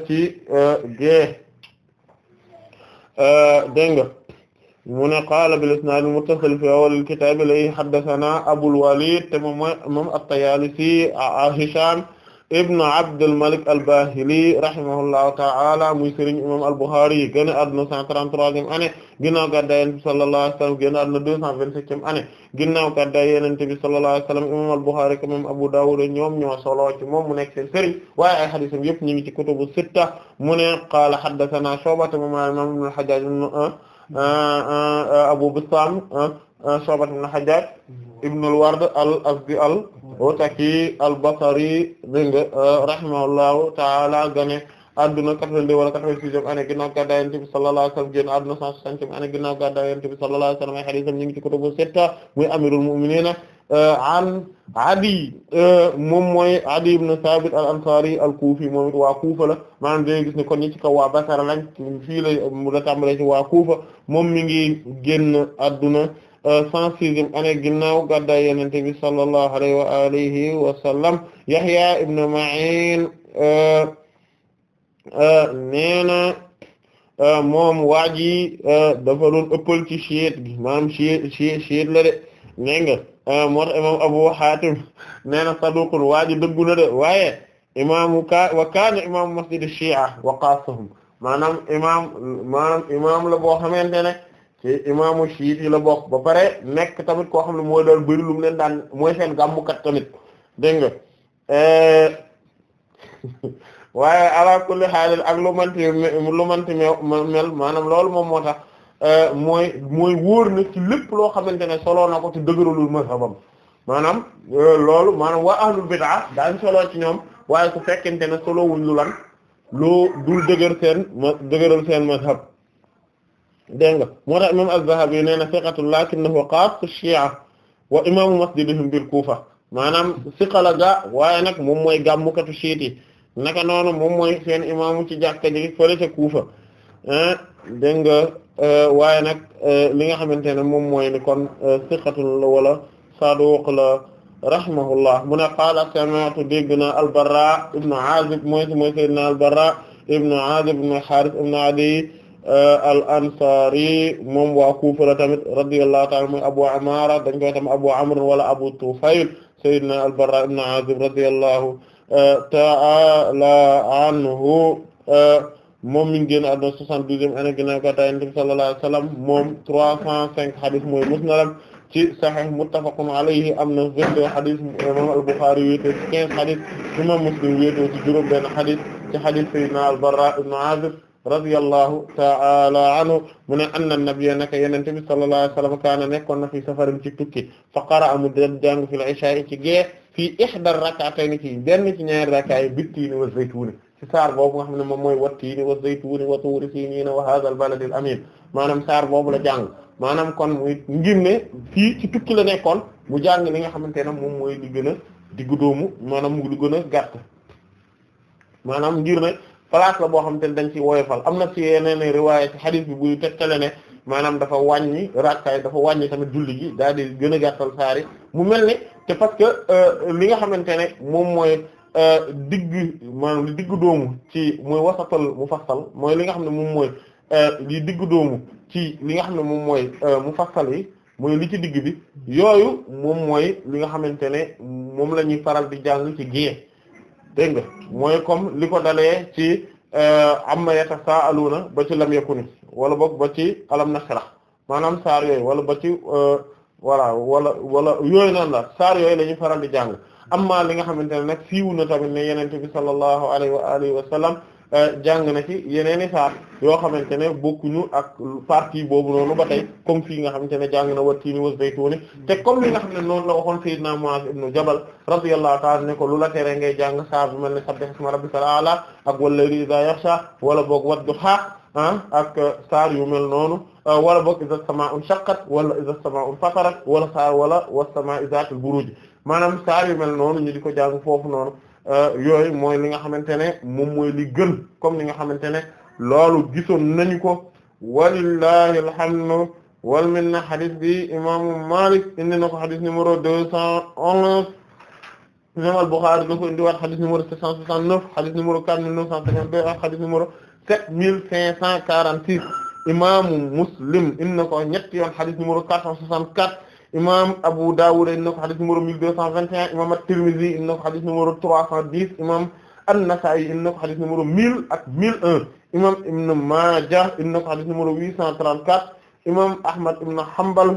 Speaker 2: ci gée dégg nga mu ne qaala bil isnaad al-muttasil fi awwal al-kitaab lay haddathana Abul Walid te moom mooy moom at-Tayaalisi Hishaam ibn Abdul Malik al-Bahili rahimahullahu ta'ala muy sëriñ imam al-Bukhari génn àdduna 133e année ginnaaw gàddaay Yonent bi sallallahu alayhi wa sallam génn àdduna 227e année ginnaaw gàddaay Yonent bi sallallahu alayhi wa sallam imam al-Bukhari ak imam Abu Dawud ñoom ñoo solo ci moom mu nekk seen sëriñ waaye ay hadiisam yëpp ñu ngi ci kutubu sitta mu ne qaala haddathanaa Shu'ba moom imam ibn al-Hajjaj Abu Bistaam Shu'ba ibn al-Hajjaj ibnul ward al asdi al otaki al basri dégg nga euh, rahimahullahu taala gane adduna 82 wala 86 ane ginnaaw gàddaay Yonent bi sallallahu alayhi wasallam génn adduna 160 ane ginnaaw gàddaay Yonent bi sallallahu alayhi wasallam ay hadiisam ñu ngi ci kutubu sitta muy amirul mu'miniina euh, an Adi euh, moom mooy Adi ibn Sabit al-Ansari al-Kufi moom waa Kufa la maanaam dañuy gis ne kon ñi ci kaw waa Basra lañ fii la mu la tàmbalee ci waa Kufa moom mi ngi génn adduna cent euh, sixième année ginnaaw gàddaay Yonent bi sallallahu alayhi wa alihi wa sallam Yahya ibn Ma'in euh, euh, nee na moom waa ji dafa doon ëppal ci chiite gi maanaam chiite chiite chiite la de nee nga moo tax imaam Abu Hatim nee na saduqun waa ji dëggu na de waaye imaamu ka wa kaana imaamu masjid Shia wa qaasuhum maanaam imaam maanaam imaam la boo xamante ne ci imaamu Shiifi la bokk ba pare nekk tamit koo xam ne mooy doon bëri lu mu leen daan mooy seen gàmmukat tamit dégg nga eh, waaye ala kulli xaalil ak lu manti lu maanaam loolu moom moo tax eh, mooy mooy wóor na ci lépp loo xamante ne soloo na ko ci dëgëralul mazhabam maanaam eh, loolu maanaam waa ahlul bid'a daañ soloo ci ñoom waaye su fekkente ne solo wuñ lu lan loo dul dëgër seen dëgëral seen mazhab dégg nga moo tax imam az-Zahabi nee na siqatun lakinnahu qaas shi'a wa imaamu masjidihim bil Kufa maanaam siqala ga waaye nag moom mooy gàmmukatu chiites yi naka noonu moom mooy seen imaamu ci jàkka ji fële ca Kufa eh, dégg nga eh, waaye nag eh, li nga xamante ne moom mooy ni kon siqatul wala saduq la rahimahullah mu ne qaala sami'tu dégg na al-Barra ibn Azib mooy mooy sayyidina al-Barra ibn Azib ibn Harith ibn Adi Euh, al ansari moom waa Kufa la tamit radiyallahu ta'ala mooy Abu Amara dañ koy tam Abu Amr wala Abu Tufayl sayyidina al-Barra ibn Azib radiyallahu euh, ta'ala anhu euh, moom mi ngi génn àdduna 72e année ginnaaw ko Yonent bi sallallahu alayhi wa sallam moom 305 hadith mooy musnadam ci sahih muttafaqun alayhi am na 22 hadith imam al-Bukhari wéetoo ci 15 hadith imam Muslim wéetoo ci juróom benn hadith ci hadith sayyidina al-Barra ibn Azib radiyallahu ta'ala anhu mu ne anna nabiyya naka yenente bi sallallahu alayhi wa sallam kaana nekkoon na fi safarin ci tukki fa qara'a mu den jàng fil isha'i ci gée fii ihda rak'atayn ci benn ci ñaari rak'a yi bittiini wa zaytuuni ci saar boobu nga xam ne moom mooy wattiini wa zaytuuni wa tuuri siiniina wa haadha al balad al maanaam saar boobu la jàng maanaam kon muy ngir ne fii ci tukki la nekkoon mu jàng li nga xamante ne moom mooy di gën a diggu doomu maanaam mu di gën a ngir ne place la boo xam te ne dañ ci woyofal am na ci yeneen riwaaya ci xadiis bi buy tegtale ne maanaam dafa wàññi rakkaay dafa wàññi tamit julli gi daal di gën a gàttal saari mu mel ne te parce que euh, li nga xamante ne moom mooy euh, digg maanaam li diggu doomu ci mooy wasatal mufassal mooy li nga xam ne moom mooy euh, li diggu doomu ci li nga xam ne moom mooy mufassal yi mooy li ci digg bi yooyu moom mooy li nga xamante ne moom la ñuy faral di jàng ci gée dégg nga mooy comme li ko dalee ci euh, am amma yatasaaluna ba ci lam yakuni wala boog ba ci alam nashrah maanaam saar yooyu wala ba ci euh, voilà wala wala yooyu noonu la saar yooyu la ñuy faral di jàng amma li nga xamante ne nag siiw na tamit ne yenente bi sallallahu alayhi wa alihi wa sallam Euh, jàng na ci yeneen i saar yoo xamante ne bokkuñu ak parti boobu noonu ba tey comme fii nga xamante ne jàng na wa tiini wa zaytuuni te comme li nga xam ne noonu la waxoon Seydina Muaz ibn Jabal radiyallahu ta'ala ne ko lu la ngay jàng saar bu mel ne sabbih isma rabbikal a'la ak wal-layli idha yaghsha wala boog wad-duha ah, ak euh, saar yu mel noonu euh, wala boog idha as-samaa'u inshaqqat wala idha as-samaa'u infatarat wala wat wala was-samaa'i zaatil buruuj maanaam saar yu mel noonu ñu di ko jàng foofu noonu Euh, yooyu mooy li nga xamante ne moom mooy li gën comme li nga xamante ne loolu gisoon nañu ko walillahi alhamdu wal minna hadith bi imaamu Malik indi na ko hadith numéro deux cent onze imam al-Bukhari da ko indi waat hadith numéro sept cent soixante-neuf hadith numéro quatre mille neuf cent cinquante-deux numéro sept mille cinq cent quarante-six imaamu Muslim indi na ko ñetti yoon hadith numéro quatre cent soixante imam Abu Dawud indi na ko xadis numéro 1221 imam At-Tirmidhi indi na ko xadis numéro 310 imam An-Nasa'i indi na ko xadis numéro 1000 ak 1001 imam Ibn Majah indi na ko xadis numéro 834 imam Ahmad ibn Hanbal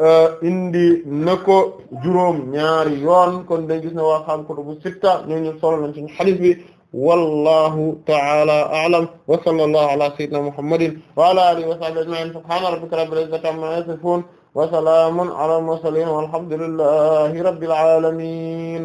Speaker 2: euh, indi na ko juróom ñaari yoon kon dañu gis ne waa xam kutubu sitta ñooñu solo nañ ci xadis bi wallahu ta'ala a'lam wa sallallahu ala sayyidina muhammadin wa ala alihi wa sahbihi ajma'in subhana rabbika rabbil izzati amma yasifun
Speaker 1: wa salaamun ala mursalin walhamdulillahi rabbil alamin